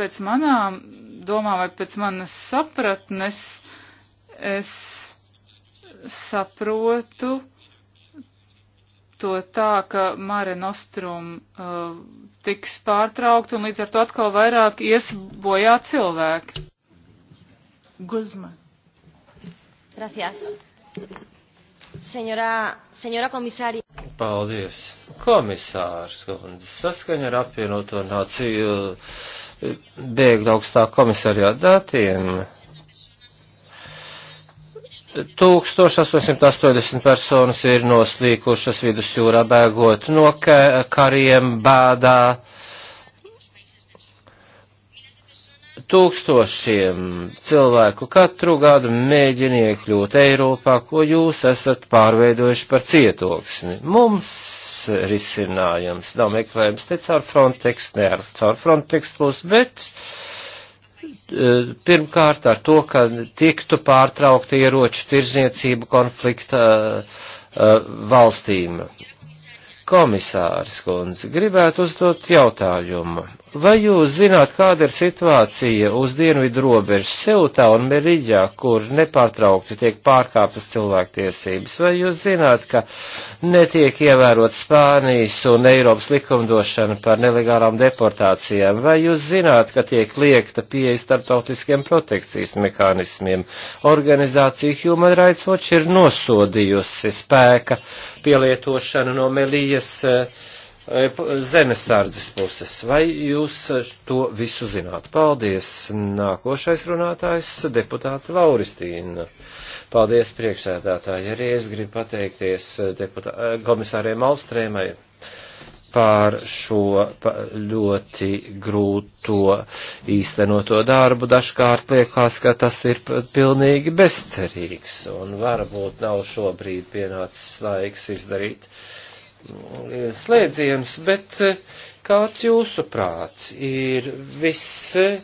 pēc manām domām vai pēc manas sapratnes, es saprotu, to tā, ka Mare Nostrum uh, tiks pārtraukt un līdz ar to atkal vairāk ies bojā cilvēki. Guzma. Gracias. Senora, senora komisārija. Paldies. Komisārs, kundze, saskaņa ar apvienoto nāciju bēgļu augstā komisarijā datiem 1880 personas ir noslīkušas vidusjūrā bēgot no kariem, bādā. Tūkstošiem cilvēku katru gadu mēģina iekļūt Eiropā, ko jūs esat pārveidojuši par cietoksni. Mums risinājums nav meklējums ne caur Frontex, ne ar caur Frontex plus, bet uh, Eh, pirmkārt ar to, ka tiktu pārtraukta ieroču tirzniecība konflikta eh, eh, valstīm. Komisāris kundze gribētu uzdot jautājumu. Vai jūs zināt, kāda ir situācija uz dienvidu robežas Siltā un Meriģā, kur nepārtraukti tiek pārkāptas cilvēktiesības? Vai jūs zināt, ka netiek ievērot Spānijas un Eiropas likumdošana par nelegālām deportācijām? Vai jūs zināt, ka tiek liekta pieeja starptautiskiem protekcijas mehānismiem? Organizācija Human Rights Watch ir nosodījusi spēka pielietošanu no Melijas. Uh, E, zemesardzes puses. Vai jūs to visu zināt? Paldies. Nākošais runātājs - deputāte Lauristīna. Paldies priekšsēdētāji. Arī es gribu pateikties e, deputā, e, komisāriem Alstrēmai par šo ļoti grūto īstenoto darbu. Dažkārt liekas, ka tas ir pilnīgi bezcerīgs un varbūt nav šobrīd pienācis laiks izdarīt uh, slēdziens, bet eh, kāds jūsuprāt ir viss eh,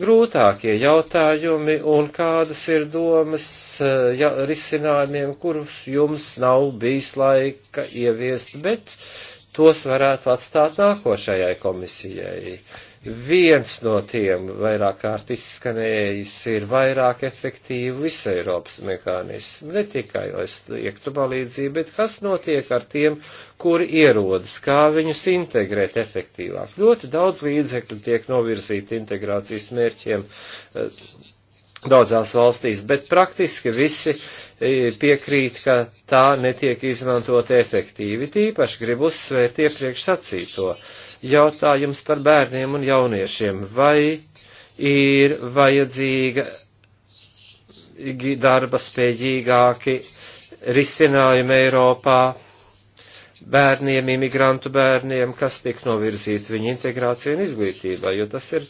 grūtākie jautājumi un kādas ir domas eh, ja, risinājumiem, kurus jums nav bijis laika ieviest, bet tos varētu atstāt nākošajai komisijai. Viens no tiem vairāk kārt izskanējis ir vairāk efektīvu visu Eiropas mehānismu, ne tikai, lai sniegtu palīdzību, bet kas notiek ar tiem, kuri ierodas, kā viņus integrēt efektīvāk. Ļoti daudz līdzekļu tiek novirzīti integrācijas mērķiem eh, daudzās valstīs, bet praktiski visi eh, piekrīt, ka tā netiek izmantota efektīvi. Tīpaši gribu uzsvērt iepriekš sacīto jautājums par bērniem un jauniešiem. Vai ir vajadzīga darba spējīgāki risinājumi Eiropā bērniem, imigrantu bērniem, kas tiek novirzīti viņu integrācijai un izglītībai, jo tas ir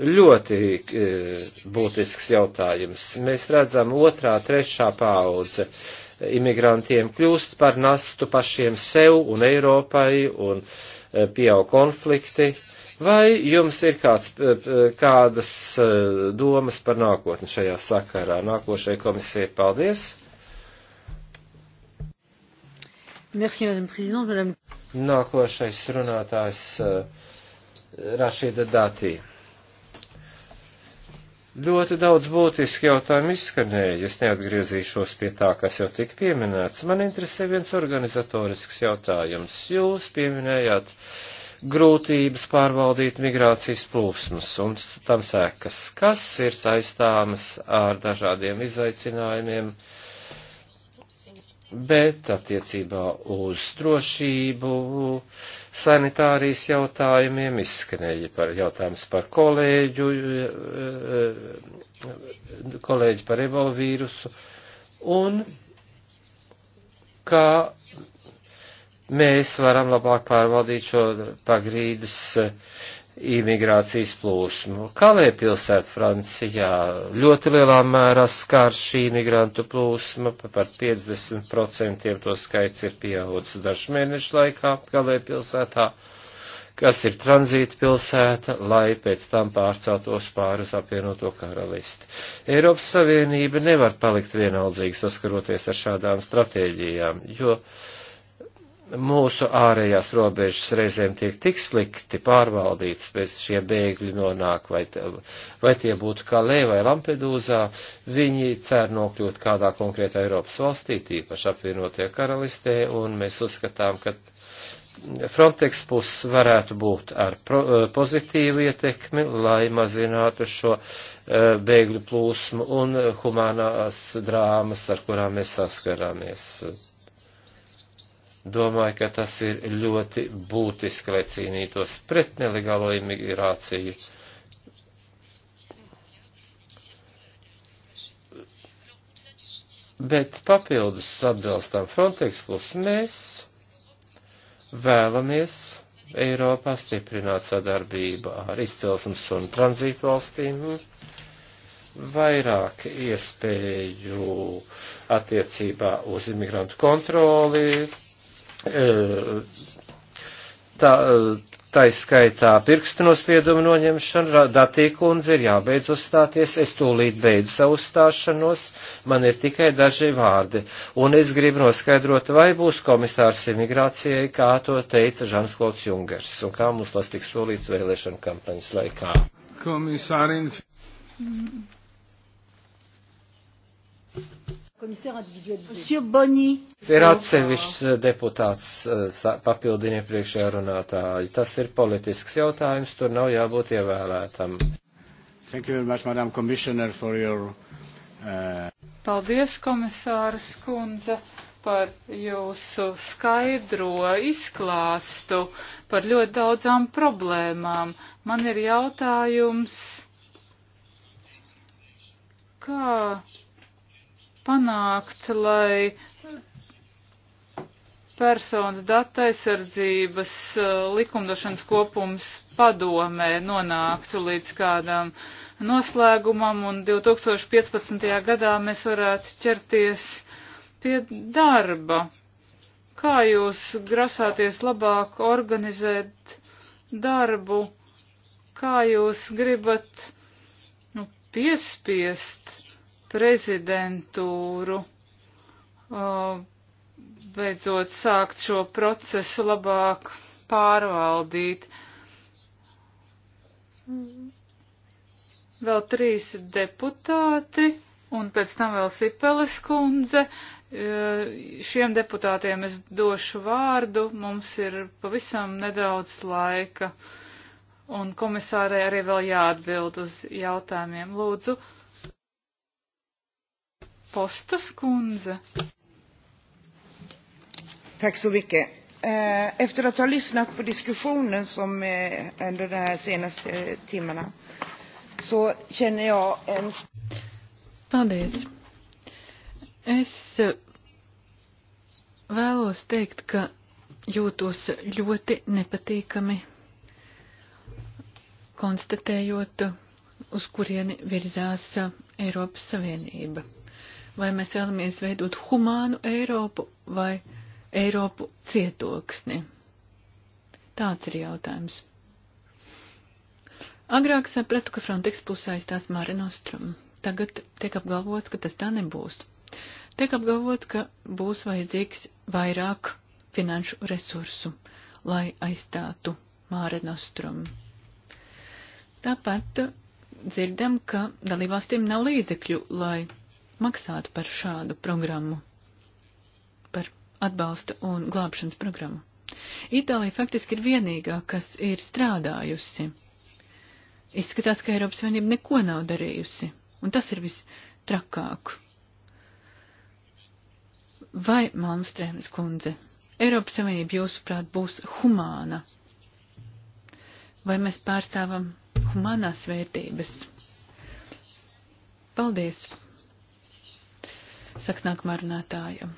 ļoti e, būtisks jautājums. Mēs redzam otrā, trešā paudze imigrantiem kļūst par nastu pašiem sev un Eiropai un uh, Eh, pieaug konflikti, vai jums ir kāds, eh, kādas eh, domas par nākotni šajā sakarā? Nākošai komisijai paldies! Merci, madame présidente, madame. Nākošais runātājs Rašīda Datī. Ļoti daudz būtiski jautājumu izskanēja, es neatgriezīšos pie tā, kas jau tika pieminēts. Man interesē viens organizatorisks jautājums. Jūs pieminējāt grūtības pārvaldīt migrācijas plūsmas un tam sēkas, kas ir saistāmas ar dažādiem izaicinājumiem, uh, bet attiecībā uz drošību, sanitārijas jautājumiem izskanēja par jautājums par kolēģu, kolēģi par ebolu vīrusu, un kā mēs varam labāk pārvaldīt šo pagrīdes imigrācijas plūsmu. Kalē pilsēta Francijā ļoti lielā mērā skār šī imigrantu plūsma, par 50% to skaits ir pieaudzis dažu mēnešu laikā Kalē pilsētā, kas ir tranzīta pilsēta, lai pēc tam pārceltos pāri uz apvienoto karalisti. Eiropas Savienība nevar palikt vienaldzīgi saskaroties ar šādām stratēģijām, jo uh, mūsu ārējās robežas reizēm tiek tik slikti pārvaldīts, pēc šie bēgļi nonāk, vai, vai tie būtu Kalē vai Lampedūzā, viņi cer nokļūt kādā konkrētā Eiropas valstī, tīpaši apvienotie karalistē, un mēs uzskatām, ka Frontex puses varētu būt ar pro, eh, pozitīvu ietekmi, lai mazinātu šo eh, bēgļu plūsmu un humanās drāmas, ar kurām mēs saskarāmies Domāju, ka tas ir ļoti būtiski, lai cīnītos pret nelegālo imigrāciju. Bet papildus atbilstam Frontex plus mēs vēlamies Eiropā stiprināt sadarbību ar izcelsmes un tranzītu valstīm, vairāk iespēju attiecībā uz imigrantu kontroli, tā, tā izskaitā pirkstu nospiedumu noņemšana, datīkundze ir jābeidz uzstāties, es tūlīt beidu savu uzstāšanos, man ir tikai daži vārdi, un es gribu noskaidrot, vai būs komisārs imigrācijai, kā to teica Žans Klots Jungers, un kā mums tas tiks solīts vēlēšana kampaņas laikā. Komisārin. Mm. Tas ir atsevišķs eh, deputāts eh, papildiniet priekšējā runātāju. Tas ir politisks jautājums, tur nav jābūt ievēlētam. Much, Madam, your, uh... Paldies, komisārs Kunze, par jūsu skaidro izklāstu par ļoti daudzām problēmām. Man ir jautājums, kā panākt, lai personas data aizsardzības eh, likumdošanas kopums padomē nonāktu līdz kādam noslēgumam, un 2015. gadā mēs varētu ķerties pie darba. Kā jūs grasāties labāk organizēt darbu, kā jūs gribat nu, piespiest prezidentūru, uh, beidzot sākt šo procesu labāk pārvaldīt. Vēl trīs deputāti un pēc tam vēl Sipeles kundze. Uh, šiem deputātiem es došu vārdu, mums ir pavisam nedaudz laika, un komisārai arī vēl jāatbild uz jautājumiem. Lūdzu, uh, Postas kundze. Tack så mycket. Eh, efter att ha lyssnat på diskussionen som eh, under de här senaste timmarna så känner jag en... Paldies. Es eh, vēlos teikt, ka jūtos ļoti nepatīkami konstatējot, uz kurieni virzās Eiropas Savienība vai mēs vēlamies veidot humānu Eiropu vai Eiropu cietoksni. Tāds ir jautājums. Agrāk sapratu, ka Frontex būs saistās Mare Nostrum. Tagad tiek apgalvots, ka tas tā nebūs. Tiek apgalvots, ka būs vajadzīgs vairāk finanšu resursu, lai aizstātu Mare Nostrum. Tāpat dzirdam, ka dalībvalstīm nav līdzekļu, lai maksātu par šādu programmu, par atbalsta un glābšanas programmu. Itālija faktiski ir vienīgā, kas ir strādājusi. Izskatās, ka Eiropas Savienība neko nav darījusi, un tas ir vistrakāk. Vai, Malmstrēmas kundze, Eiropas Savienība jūsuprāt būs humāna? Vai mēs pārstāvam humanās vērtības? Paldies! saka nākamā runātāja.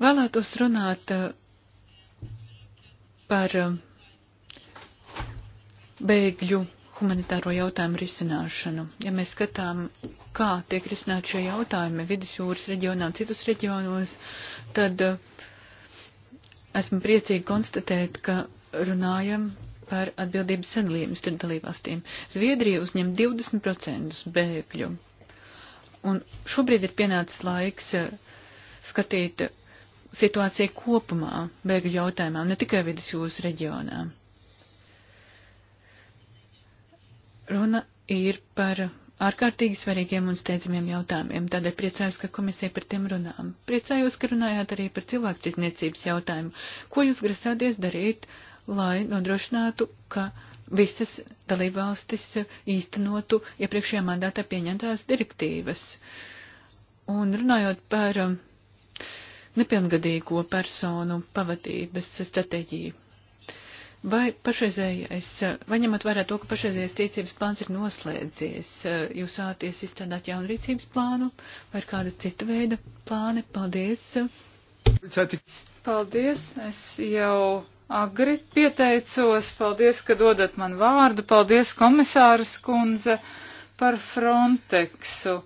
Vēlētos runāt eh, par eh, bēgļu humanitāro jautājumu risināšanu. Ja mēs skatām, kā tiek risināt šie jautājumi vidusjūras reģionā un citus reģionos, tad eh, esmu priecīgi konstatēt, ka runājam par atbildības sadalījumu starp dalībvalstīm. Zviedrija uzņem 20% bēgļu. Un šobrīd ir pienācis laiks eh, skatīt situāciju kopumā bēgļu jautājumā, ne tikai vidus jūras reģionā. Runa ir par ārkārtīgi svarīgiem un steidzamiem jautājumiem, tādēļ priecājos, ka komisija par tiem runām. Priecājos, ka runājāt arī par cilvēku tirzniecības jautājumu. Ko jūs grasāties darīt, lai nodrošinātu, ka uh, visas dalībvalstis īstenotu iepriekšējā mandātā pieņemtās direktīvas. Un runājot par um, nepilngadīgo personu pavadības stratēģiju. Vai pašreizējais, vai ņemot vērā to, ka pašreizējais rīcības plāns ir noslēdzies, jūs vēlaties izstrādāt jaunu rīcības plānu vai ir kāda cita veida plāni? Paldies! Paldies! Es jau agri pieteicos. Paldies, ka dodat man vārdu. Paldies, komisāras kundze, par Frontexu.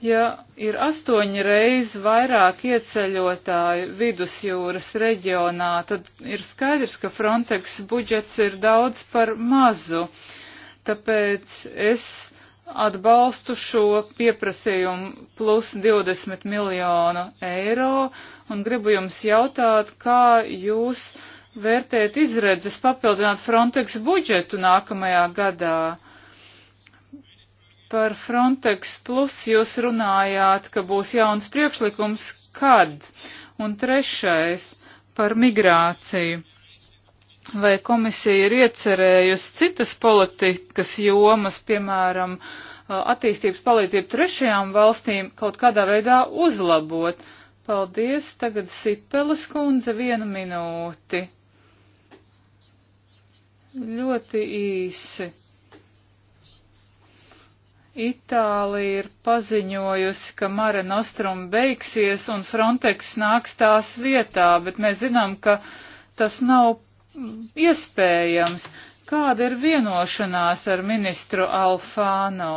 Ja ir astoņi reizi vairāk ieceļotāju vidusjūras reģionā, tad ir skaidrs, ka Frontex budžets ir daudz par mazu. Tāpēc es atbalstu šo pieprasījumu plus 20 miljonu eiro un gribu jums jautāt, kā jūs vērtēt izredzes papildināt Frontex budžetu nākamajā gadā. Par Frontex plus jūs runājāt, ka būs jauns priekšlikums, kad? Un trešais par migrāciju. Vai komisija ir iecerējusi citas politikas jomas, piemēram, attīstības palīdzību trešajām valstīm kaut kādā veidā uzlabot? Paldies, tagad Sipeles kundze vienu minūti. Ļoti īsi. Itālija ir paziņojusi, ka Mare Nostrum beigsies un Frontex nāks tās vietā, bet mēs zinām, ka tas nav iespējams. Kāda ir vienošanās ar ministru Alfāno?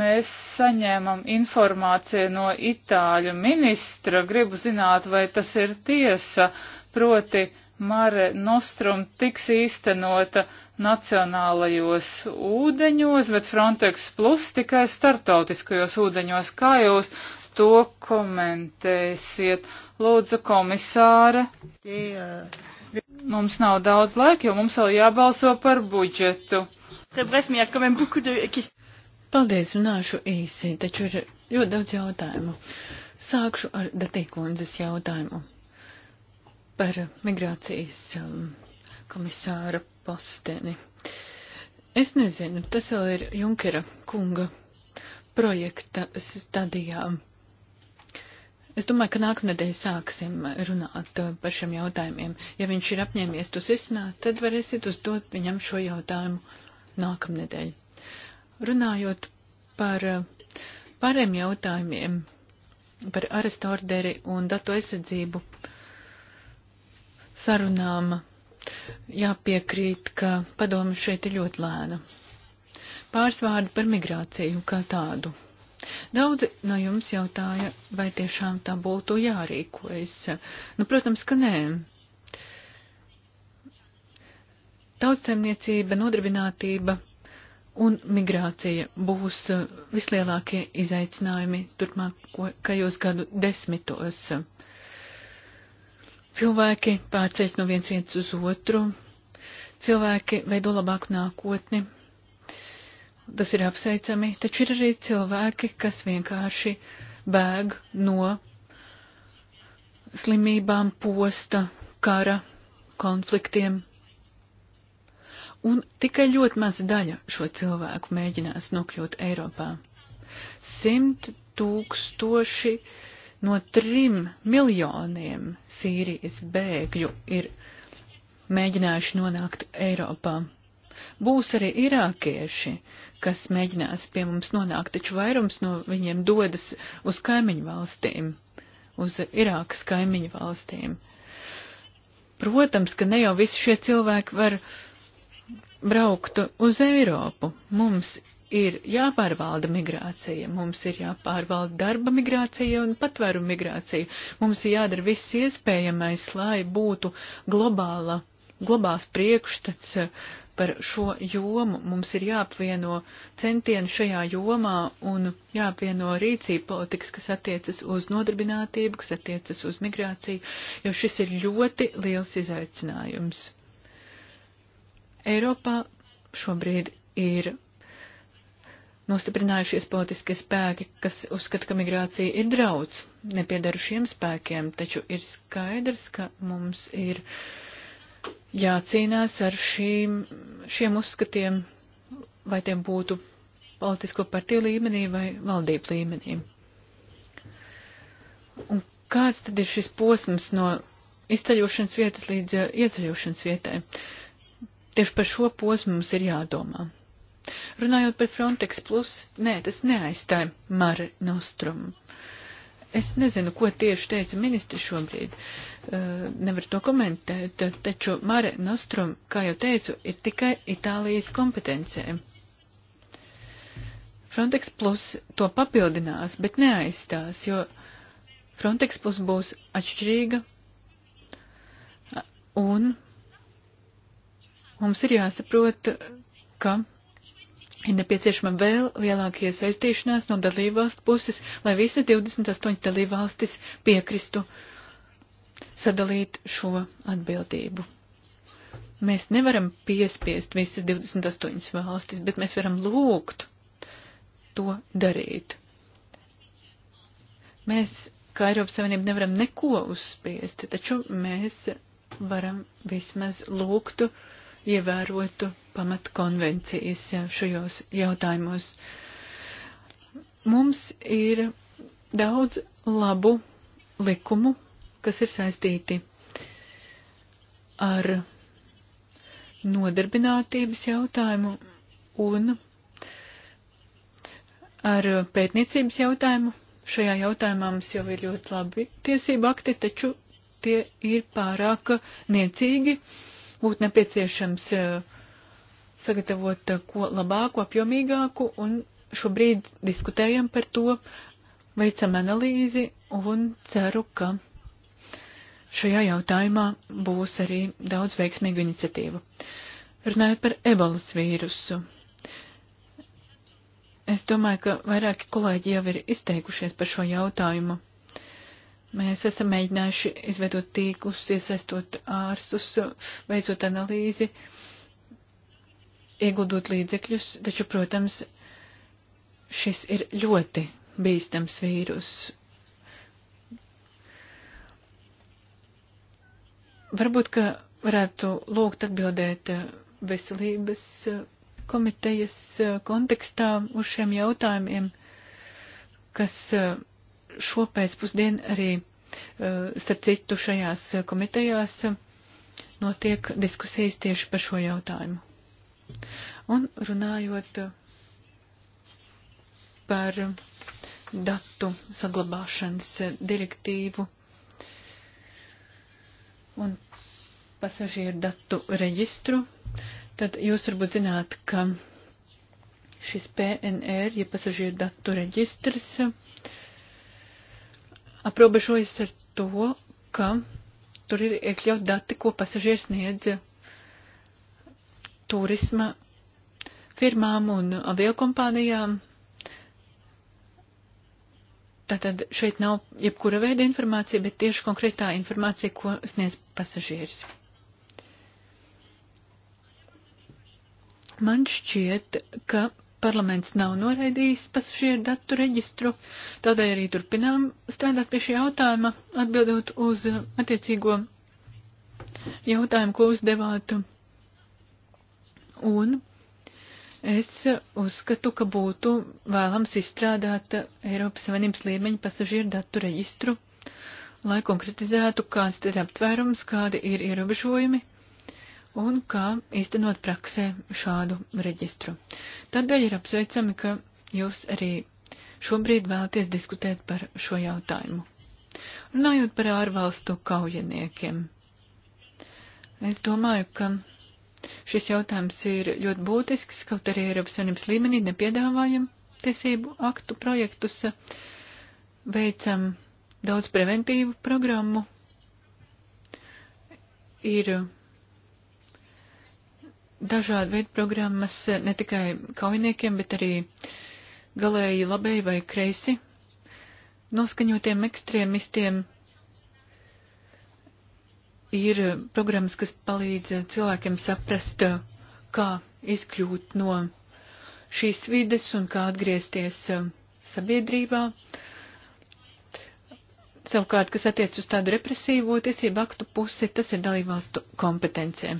Mēs saņēmam informāciju no itāļu ministra, gribu zināt, vai tas ir tiesa, proti Mare Nostrum tiks īstenota nacionālajos ūdeņos, bet Frontex Plus tikai startautiskajos ūdeņos. Kā jūs to komentēsiet? Lūdzu, komisāre. Uh, mums nav daudz laika, jo mums vēl jābalso par budžetu. Paldies, runāšu īsi, taču ir ļoti daudz jautājumu. Sākšu ar Datīkundzes jautājumu par migrācijas um, komisāra posteni. Es nezinu, tas vēl ir Junkera kunga projekta stadijā. Es domāju, ka nākamnedēļ sāksim runāt uh, par šiem jautājumiem. Ja viņš ir apņēmies tos izsināt, tad varēsiet uzdot viņam šo jautājumu nākamnedēļ. Runājot par uh, pāriem jautājumiem, par arestorderi un datu aizsardzību sarunām jāpiekrīt, ka padoma šeit ir ļoti lēna. Pāris vārdi par migrāciju kā tādu. Daudzi no jums jautāja, vai tiešām tā būtu jārīkojas. Nu, protams, ka nē. Tautsēmniecība, nodarbinātība un migrācija būs uh, vislielākie izaicinājumi turpmākajos gadu desmitos. Cilvēki pārceļas no viens vietas uz otru, cilvēki veido labāku nākotni. Tas ir apsveicami, taču ir arī cilvēki, kas vienkārši bēg no slimībām, posta, kara, konfliktiem. Un tikai ļoti maza daļa šo cilvēku mēģinās nokļūt Eiropā. Simt tūkstoši No trim miljoniem Sīrijas bēgļu ir mēģinājuši nonākt Eiropā. Būs arī irākieši, kas mēģinās pie mums nonākt, taču vairums no viņiem dodas uz kaimiņu valstīm, uz Irākas kaimiņu valstīm. Protams, ka ne jau visi šie cilvēki var braukt uz Eiropu. Mums ir jāpārvalda migrācija, mums ir jāpārvalda darba migrācija un patvēru migrācija. Mums ir jādara viss iespējamais, lai būtu globāla, globāls priekšstats eh, par šo jomu. Mums ir jāapvieno centieni šajā jomā un jāapvieno rīcība politikas, kas attiecas uz nodarbinātību, kas attiecas uz migrāciju, jo šis ir ļoti liels izaicinājums. Eiropā šobrīd ir nostiprinājušies politiskie spēki, kas uzskata, ka migrācija ir draudz. Nepiedaru šiem spēkiem, taču ir skaidrs, ka mums ir jācīnās ar šīm, šiem uzskatiem, vai tiem būtu politisko partiju līmenī vai valdību līmenī. Un kāds tad ir šis posms no izceļošanas vietas līdz uh, ieceļošanas vietai? Tieši par šo posmu mums ir jādomā. Runājot par Frontex plus, nē, tas neaizstāja Mare Nostrum. Es nezinu, ko tieši teica ministri šobrīd, uh, nevar to komentēt, taču Mare Nostrum, kā jau teicu, ir tikai Itālijas kompetencē. Frontex plus to papildinās, bet neaizstās, jo Frontex plus būs atšķirīga un mums ir jāsaprot, ka ir nepieciešama vēl lielāka iesaistīšanās no dalībvalstu puses, lai visi 28 dalībvalstis piekristu sadalīt šo atbildību. Mēs nevaram piespiest visas 28 valstis, bet mēs varam lūgt to darīt. Mēs, kā Eiropas Savienība, nevaram neko uzspiest, taču mēs varam vismaz lūgtu uh, ievērotu pamatkonvencijas šajos jautājumos. Mums ir daudz labu likumu, kas ir saistīti ar nodarbinātības jautājumu un ar pētniecības jautājumu. Šajā jautājumā mums jau ir ļoti labi tiesība akti, taču tie ir pārāk niecīgi. Uh, būtu nepieciešams eh, sagatavot eh, ko labāku, apjomīgāku, un šobrīd diskutējam par to, veicam analīzi un ceru, ka šajā jautājumā būs arī daudz veiksmīgu iniciatīvu. Runājot par ebolas vīrusu. Es domāju, ka vairāki kolēģi jau ir izteikušies par šo jautājumu. Mēs esam mēģinājuši izveidot tīklus, iesaistot ārstus, veicot analīzi, ieguldot līdzekļus, taču, protams, šis ir ļoti bīstams vīrus. Varbūt, ka varētu lūgt atbildēt veselības komitejas kontekstā uz šiem jautājumiem, kas uh, šo pēcpusdienu arī, eh, starp citu, šajās komitejās eh, notiek diskusijas tieši par šo jautājumu. Un runājot eh, par datu saglabāšanas direktīvu un pasažieru datu reģistru, tad jūs varbūt zināt, ka šis PNR, ja pasažieru datu reģistrs, uh, aprobežojas ar to, ka tur ir iekļaut dati, ko pasažieris sniedz turisma firmām un aviokompānijām. Tātad šeit nav jebkura veida informācija, bet tieši konkrētā informācija, ko sniedz pasažieris. Man šķiet, ka parlaments nav noraidījis pasažieru datu reģistru, tādēļ arī turpinām strādāt pie šī jautājuma, atbildot uz attiecīgo jautājumu, ko uzdevāt. Un es uzskatu, ka būtu vēlams izstrādāt Eiropas Savienības līmeņa pasažieru datu reģistru, lai konkretizētu, kāds ir aptvērums, kādi ir ierobežojumi un kā īstenot praksē šādu reģistru. Tādēļ ir apsveicami, ka jūs arī šobrīd vēlaties diskutēt par šo jautājumu. Runājot par ārvalstu kaujiniekiem, es domāju, ka šis jautājums ir ļoti būtisks, kaut arī Eiropas Savienības līmenī nepiedāvājam tiesību aktu projektus, veicam daudz preventīvu programmu, ir dažādu veidu programmas ne tikai kaujiniekiem, bet arī galēji labēji vai kreisi noskaņotiem ekstrēmistiem ir programmas, kas palīdz cilvēkiem saprast, kā izkļūt no šīs vides un kā atgriezties sabiedrībā. Uh, Savukārt, kas attiec uz tādu represīvo tiesību aktu pusi, tas ir dalībvalstu kompetencijiem.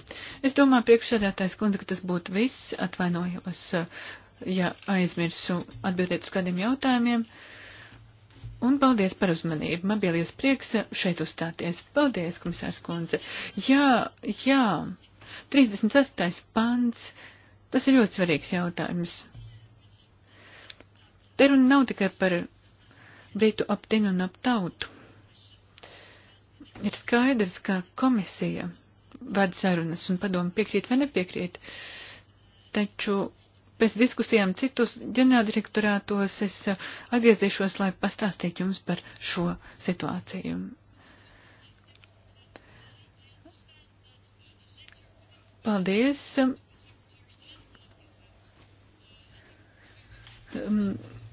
Es domāju, priekšsēdētājs kundze, ka tas būtu viss. Atvainojos, ja aizmirsu atbildēt uz kādiem jautājumiem. Un paldies par uzmanību. Man bija liels prieks šeit uzstāties. Paldies, komisārs kundze. Jā, jā, 36. pants. Tas ir ļoti svarīgs jautājums. Te runa nav tikai par Britu aptinu un aptautu. Ir skaidrs, ka komisija ved sarunas un padomu piekrīt vai nepiekrīt, taču pēc diskusijām citus ģenerāldirektorātos es eh, atgriezīšos, lai pastāstītu jums par šo situāciju. Paldies.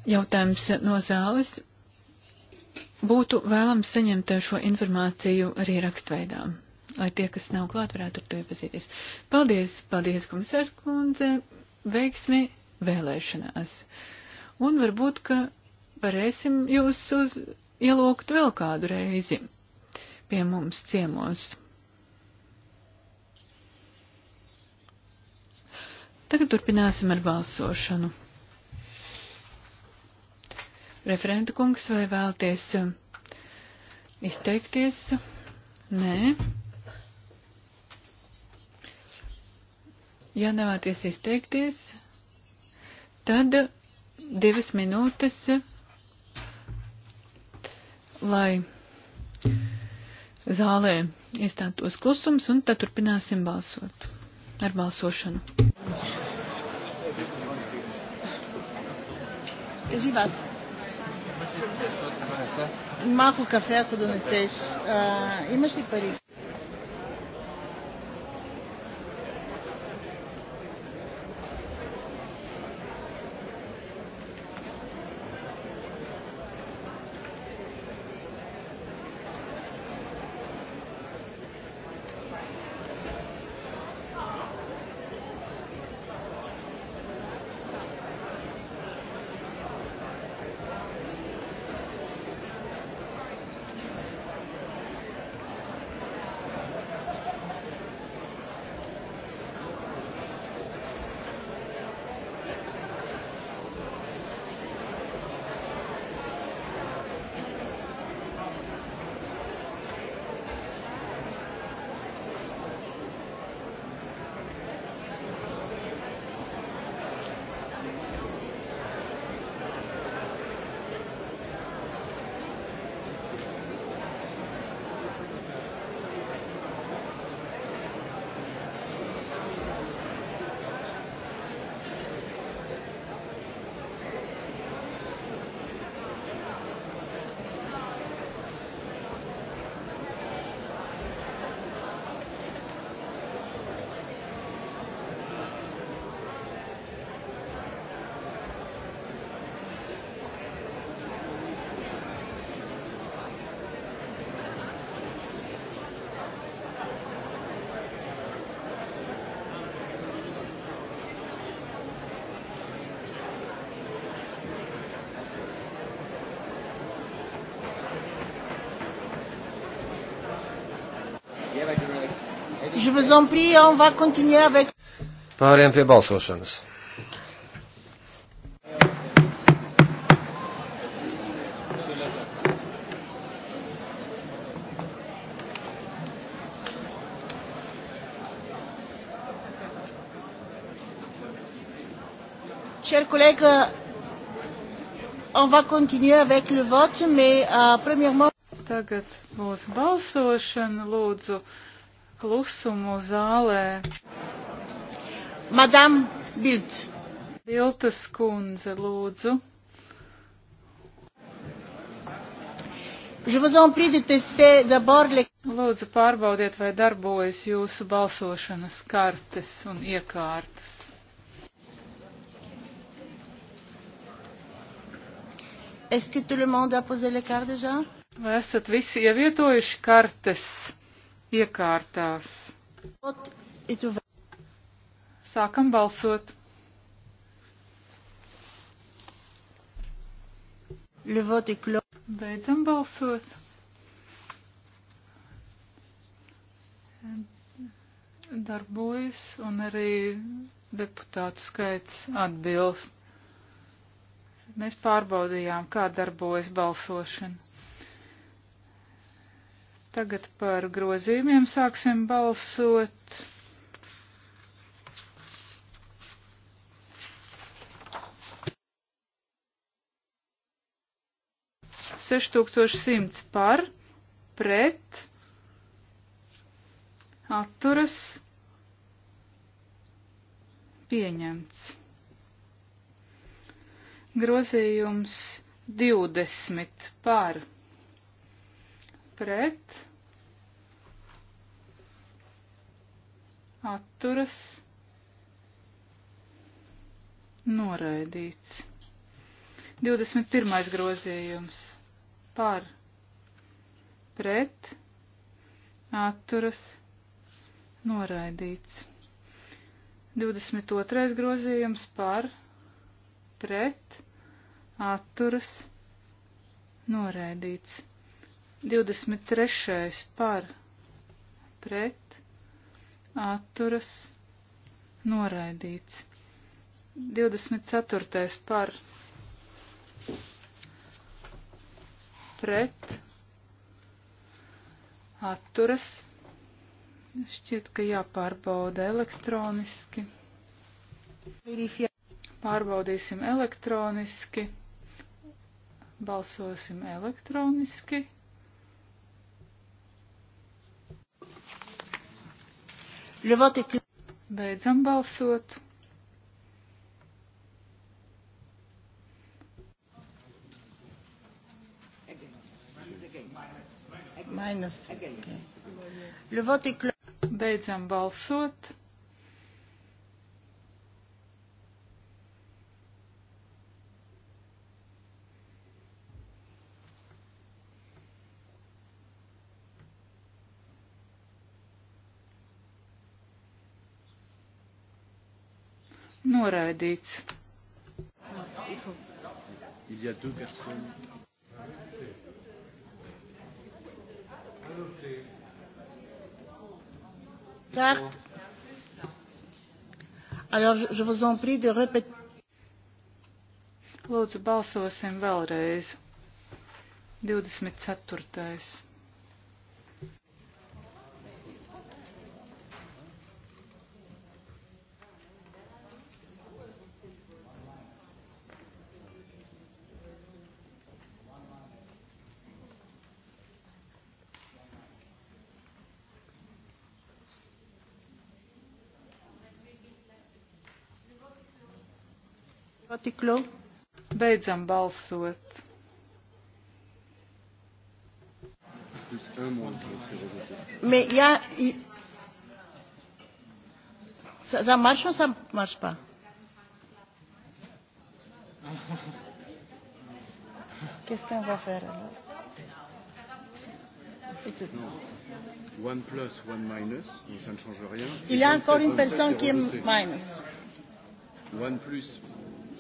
Jautājums no zāles būtu vēlams saņemt šo informāciju arī rakstveidā, lai tie, kas nav klāt, varētu ar to iepazīties. Paldies, paldies, komisārs kundze, veiksmi vēlēšanās. Un varbūt, ka varēsim jūs uz ielūgt vēl kādu reizi pie mums ciemos. Tagad turpināsim ar balsošanu. Referenta kungs, vai vēlties um, izteikties? Nē. Ja nevēlaties izteikties, tad divas minūtes, lai zālē iestātos klusums, un tad turpināsim balsot ar balsošanu. Is he was? Μάχου καφέ ακουντονιστές. Είμαστε υπερήφανοι. je vous en prie, on va continuer avec. Pāriem pie balsošanas. Chers collègues, on va continuer avec le vote, mais euh, premièrement. Tagad mūsu balsošana lūdzu. Uh, klusumu zālē. Madam Bild. Biltas kundze, lūdzu. Lūdzu, pārbaudiet, vai darbojas jūsu balsošanas kartes un iekārtas. Est-ce que tout le monde a posé les cartes déjà? Vai esat visi ievietojuši kartes? iekārtās. Sākam balsot. Beidzam balsot. Darbojas un arī deputātu skaits atbilst. Mēs pārbaudījām, kā darbojas balsošana. Tagad par grozījumiem sāksim balsot. Sešstūkstošsimts par, pret, atturas, pieņemts. Grozījums 20 par pret, atturas, noraidīts. 21. grozījums par, pret, atturas, noraidīts. 22. grozījums par, pret, atturas, noraidīts. 23. par pret atturas noraidīts. 24. par pret atturas. Šķiet, ka jāpārbauda elektroniski. Pārbaudīsim elektroniski. Balsosim elektroniski. Le vote est clos. Beidzam balsot. Minus. Le vote est clos. Beidzam balsot. noraidīts. Il y a deux personnes. Adopté. Carte. Alors, je, je vous en prie de répéter. Lūdzu, balsosim vēlreiz. 24. artiklu. Beidzam balsot. Mais il y a... Y... Ça, ça marche ou ça ne marche pas Qu'est-ce qu'on va faire alors non. One plus, one minus, donc ça ne change rien. Il y a encore une personne qui est minus. One plus,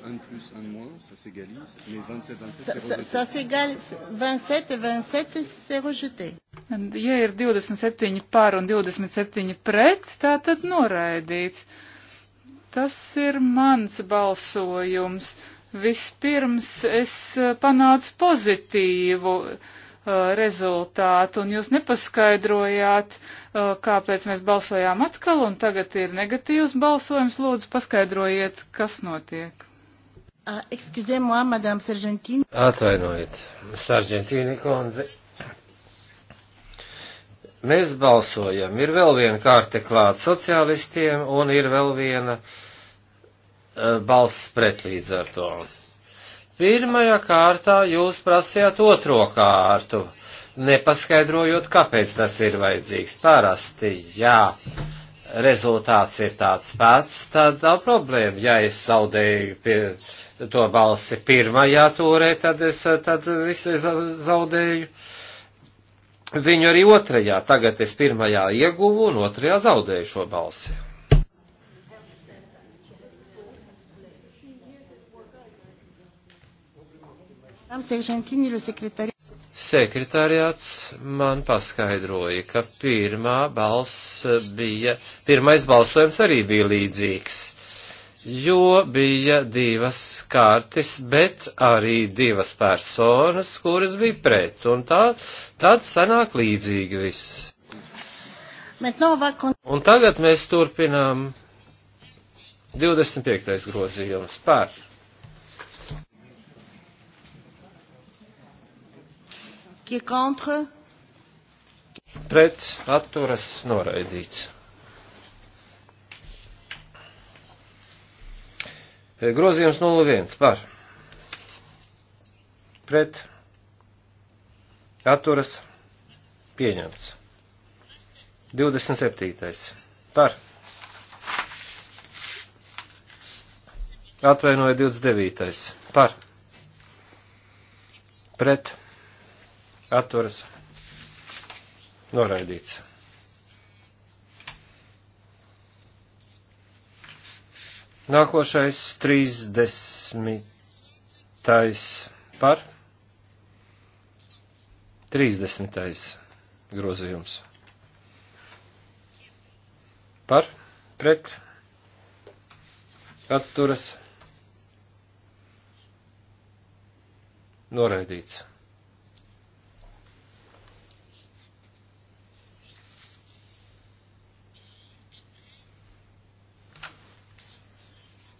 1 plus 1 moins, ça s'égalise, mais 27, 27, c'est rejeté. Ça, ça s'égale, 27 et 27, c'est rejeté. Ja ir 27 par un 27 pret, tā tad noraidīts. Tas ir mans balsojums. Vispirms es eh, panācu pozitīvu eh, rezultātu, un jūs nepaskaidrojāt, eh, kāpēc mēs balsojām atkal, un tagad ir negatīvs balsojums. Lūdzu, paskaidrojiet, kas notiek. Ah, excusez-moi, madame Sargentini. Atvainojiet, Sargentīni kundze. Mēs balsojam. Ir vēl viena kārte klāt sociālistiem un ir vēl viena uh, balss pret līdz ar to. Pirmajā kārtā jūs prasījāt otro kārtu, nepaskaidrojot, kāpēc tas ir vajadzīgs. Parasti, jā, rezultāts ir tāds pats, tad nav problēma, ja es zaudēju pie. Uh, to balsi pirmajā tūrē, tad es eh, tad visai zaudēju viņu arī otrajā. Tagad es pirmajā ieguvu un otrajā zaudēju šo balsi. Sekretariāts man paskaidroja, ka pirmā balss bija, pirmais balsojums arī bija līdzīgs jo bija divas kartes, bet arī divas personas, kuras bija pret, un tā, tad sanāk līdzīgi viss. Un tagad mēs turpinām 25. grozījums par. Pret atturas noraidīts. E, grozījums 01 par pret atturas pieņemts. 27. par atvainoja 29. par pret atturas noraidīts. Nākošais 30. par 30. grozījums. Par, pret, atturas, noraidīts.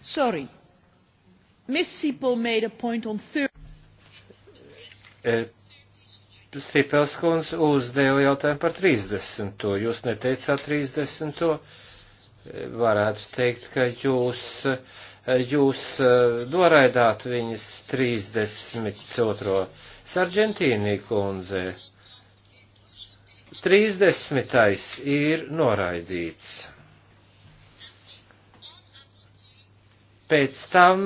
Sorry. Ms. Sipel made a point on 30. E, Sipelskons uzdeva jautājumu par 30. Jūs neteicāt 30. E, varētu teikt, ka jūs, e, jūs noraidāt viņas 32. Sargentīnī kundze. 30. ir noraidīts. Pēc tam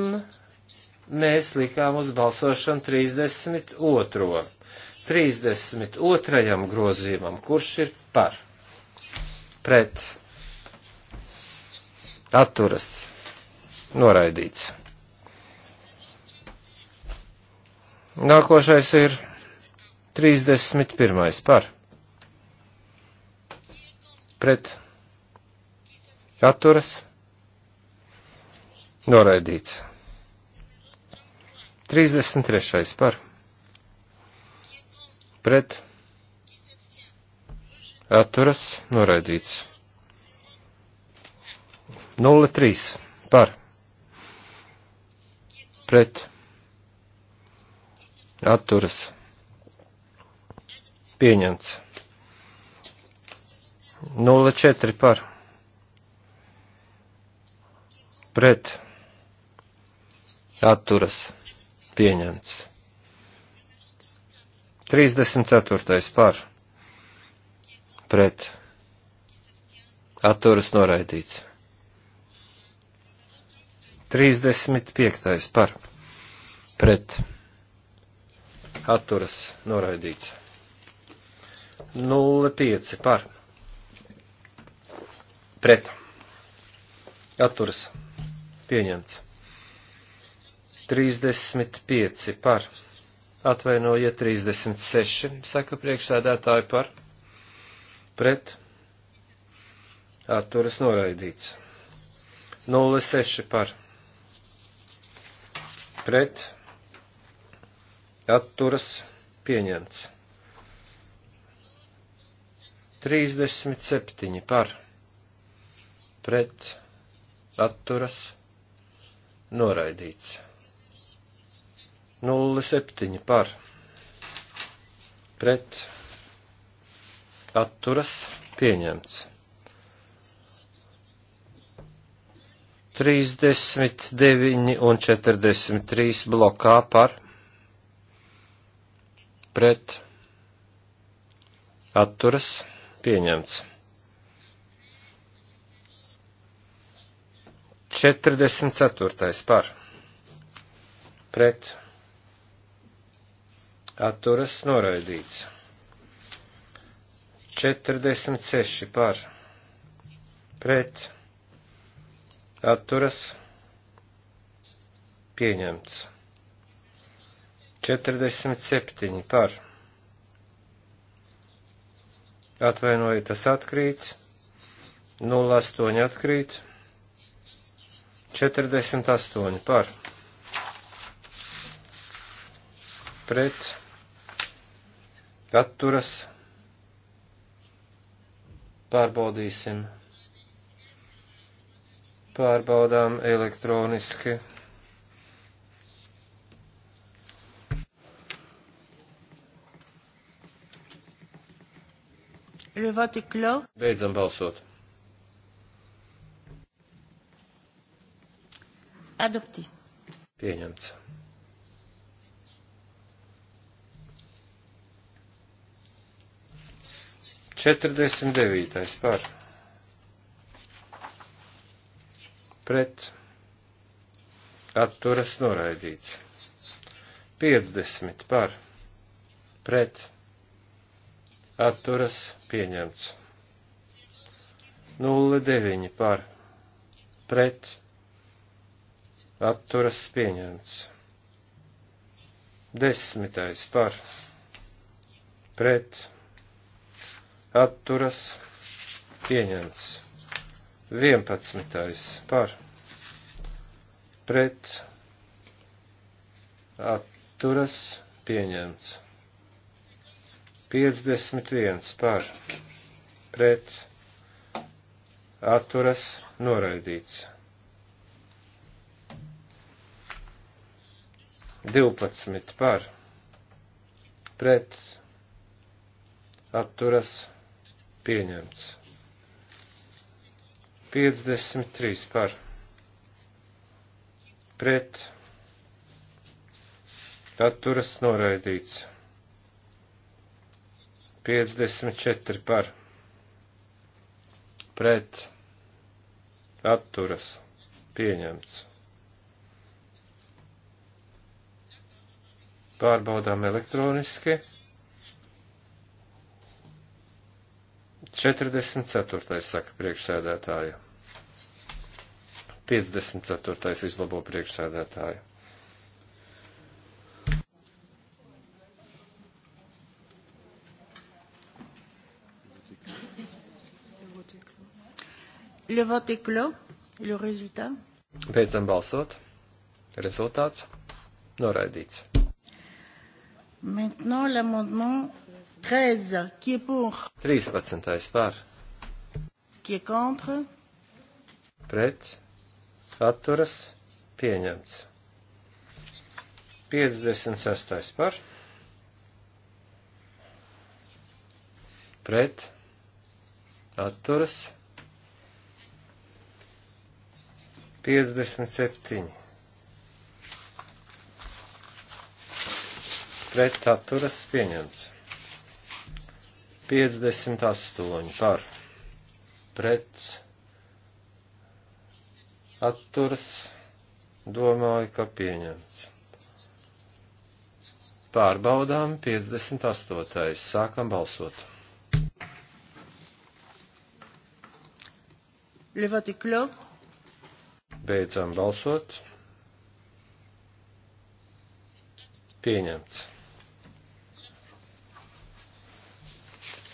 mēs likām uz balsošanu 32. 32. grozījumam, kurš ir par, pret, atturas, noraidīts. Nākošais ir 31. par, pret, atturas, noraidīts Noraidīts. 33. par. Pret. Atturas. Noraidīts. 03. par. Pret. Atturas. Pieņemts. 04 par pret atturas pieņemts. 34. par pret atturas noraidīts. 35. par pret atturas noraidīts. 05 par pret atturas pieņemts. 35 par. Atvainojiet, 36, saka priekšsēdētāji par. Pret. Atturas noraidīts. 06 par. Pret. Atturas pieņemts. 37 par. Pret. Atturas noraidīts. 07 par pret atturas pieņemts. 39 un 43 blokā par pret atturas pieņemts. 44 par pret atturas noraidīts. 46 par pret atturas pieņemts. 47 par atvainojiet, tas atkrīt, 08 atkrīt, 48 par pret atturas pārbaudīsim. Pārbaudām elektroniski. Beidzam balsot. Adopti. Pieņemts. 49. par pret atturas noraidīts. 50 par pret atturas pieņemts. 09 par pret atturas pieņemts. 10 par pret atturas pieņemts atturas pieņemts. 11. par pret atturas pieņemts. 51 par pret atturas noraidīts. 12 par pret atturas noraidīts pieņemts. 53 par pret atturas noraidīts. 54 par pret atturas pieņemts. Pārbaudām elektroniski. 44. saka priekšsēdētāja. 54. izlabo priekšsēdētāju. Le vote est clos. Le résultat. Beidzam balsot. Rezultāts noraidīts. Maintenant, l'amendement 13, qui est pour? 13. par. Qui est contre? Pret. Atturas. Pieņemts. 56. par. Pret. Atturas. 57. pret atturas pieņemts. 58 par pret atturas domāju, ka pieņemts. Pārbaudām 58. Sākam balsot. Le vote est clos. Beidzam balsot. Pieņemts.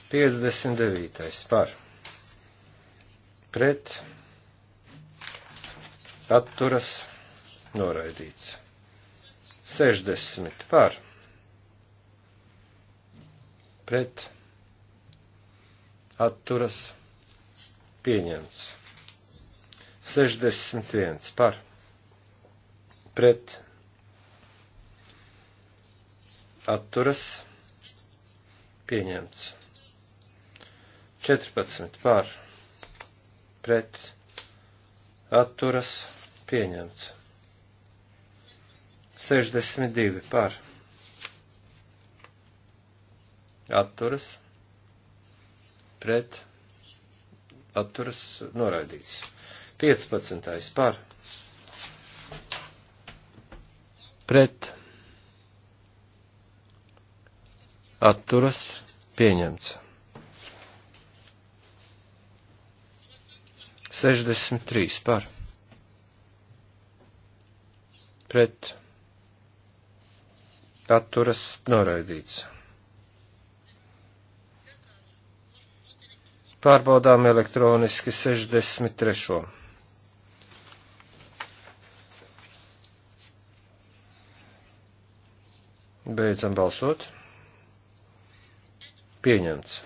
59. par pret atturas noraidīts. 60 par pret atturas pieņemts. 61 par pret atturas pieņemts. 14 par pret atturas pieņemts. 62 par atturas pret atturas noraidīts. 15 par pret atturas pieņemts. 63 par. Pret. Atturas noraidīts. Pārbaudām elektroniski 63. Beidzam balsot. Pieņemts.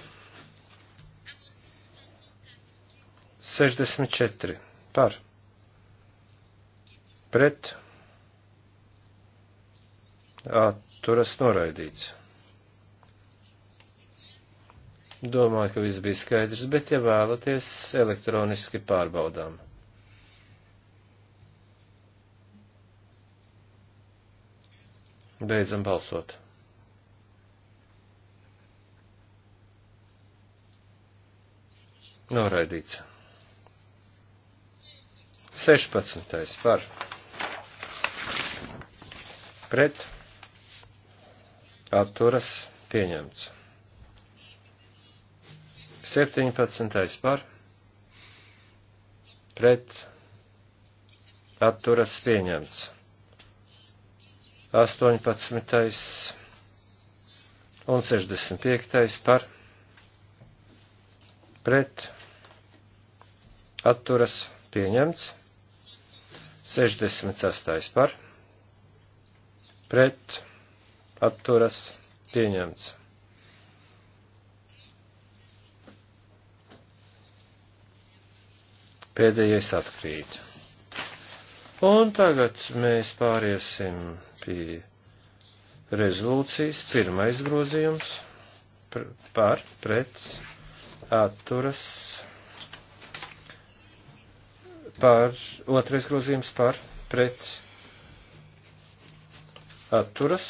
64 par pret atturas noraidīts. Domāju, ka viss bija skaidrs, bet ja vēlaties, elektroniski pārbaudām. Beidzam balsot. Noraidīts. 16. par pret atturas pieņemts. 17. par pret atturas pieņemts. 18. un 65. par pret atturas pieņemts. 68. par, pret, atturas, pieņemts. Pēdējais atkrīt. Un tagad mēs pāriesim pie rezolūcijas. Pirmais grozījums par, pret, atturas, pieņemts par otrais grozījums par pret atturas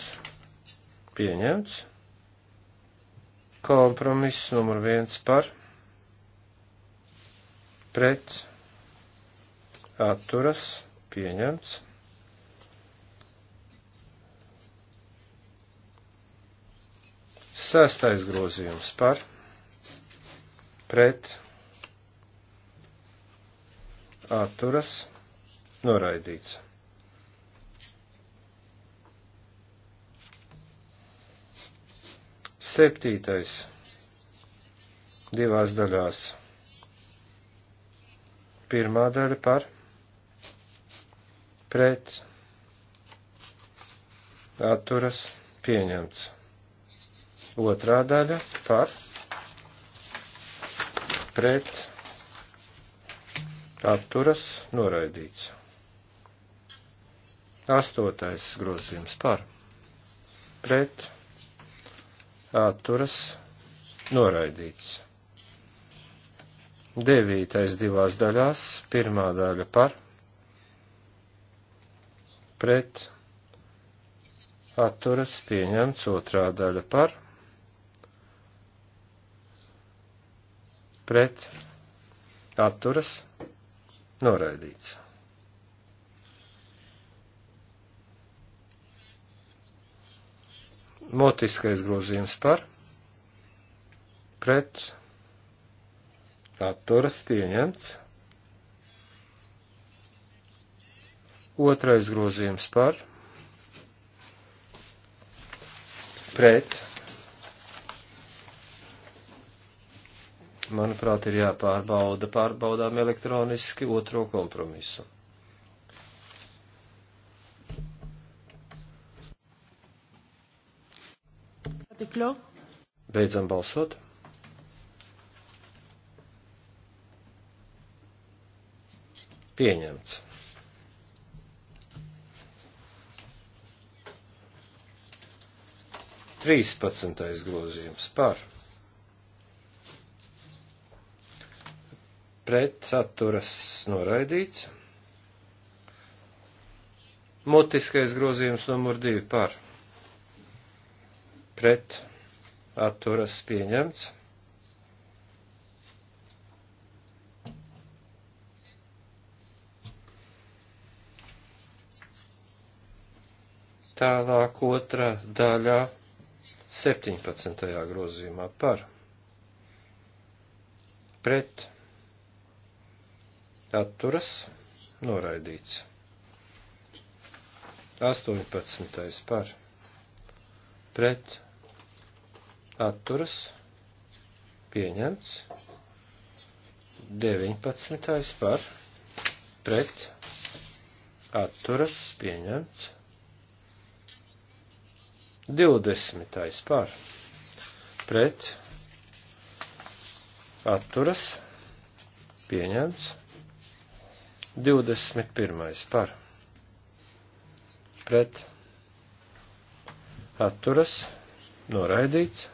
pieņemts. Kompromiss numur viens par pret atturas pieņemts. Sestais grozījums par pret atturas pieņemts atturas noraidīts. Septītais divās daļās. Pirmā daļa par pret atturas pieņemts. Otrā daļa par pret atturas noraidīts. Astotais grozījums par pret atturas noraidīts. Devītais divās daļās, pirmā daļa par pret atturas pieņemts, otrā daļa par pret atturas noraidīts Noraidīts. Motiskais grozījums par pret atturas pieņemts. Otrais grozījums par pret manuprāt, ir jāpārbauda. Pārbaudām elektroniski otro kompromisu. Beidzam balsot. Pieņemts. Trīspadsmitais grozījums par pret saturas noraidīts. Mutiskais grozījums numur 2 par pret atturas pieņemts. Tālāk otrā daļā 17. grozījumā par pret atturas noraidīts. 18. par pret atturas pieņemts. 19. par pret atturas pieņemts. 20. par pret atturas pieņemts. 21. par pret atturas noraidīts.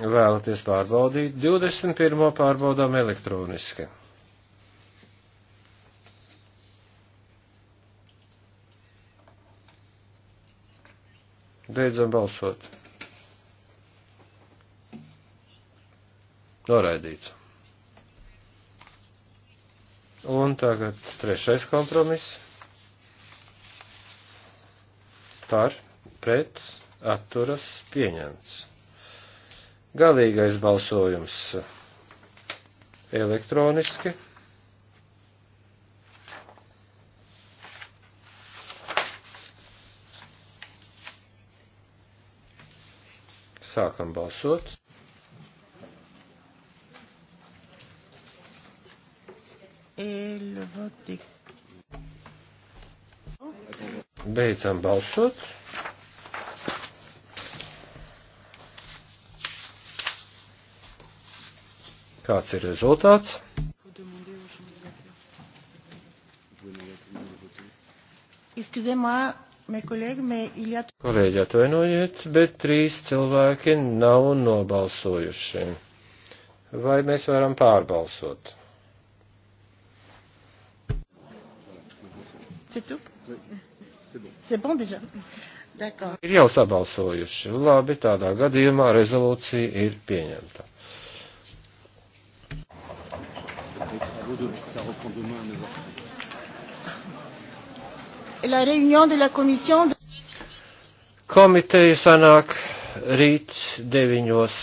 Vēlaties pārbaudīt 21. pārbaudām elektroniski. Beidzam balsot. Noraidīts. Un tagad trešais kompromiss. Par, pret, atturas, pieņemts. Galīgais balsojums elektroniski. Sākam balsot. tik. Beidzam balsot. Kāds ir rezultāts? Excusez-moi, Kolēģi atvainojiet, bet trīs cilvēki nav nobalsojuši. Vai mēs varam pārbalsot? C'est tout? Oui. C'est bon. C'est bon déjà? D'accord. Ir jau sabalsojuši. Labi, tādā gadījumā rezolūcija ir pieņemta. La réunion de la commission. Komiteja sanāk rīt deviņos.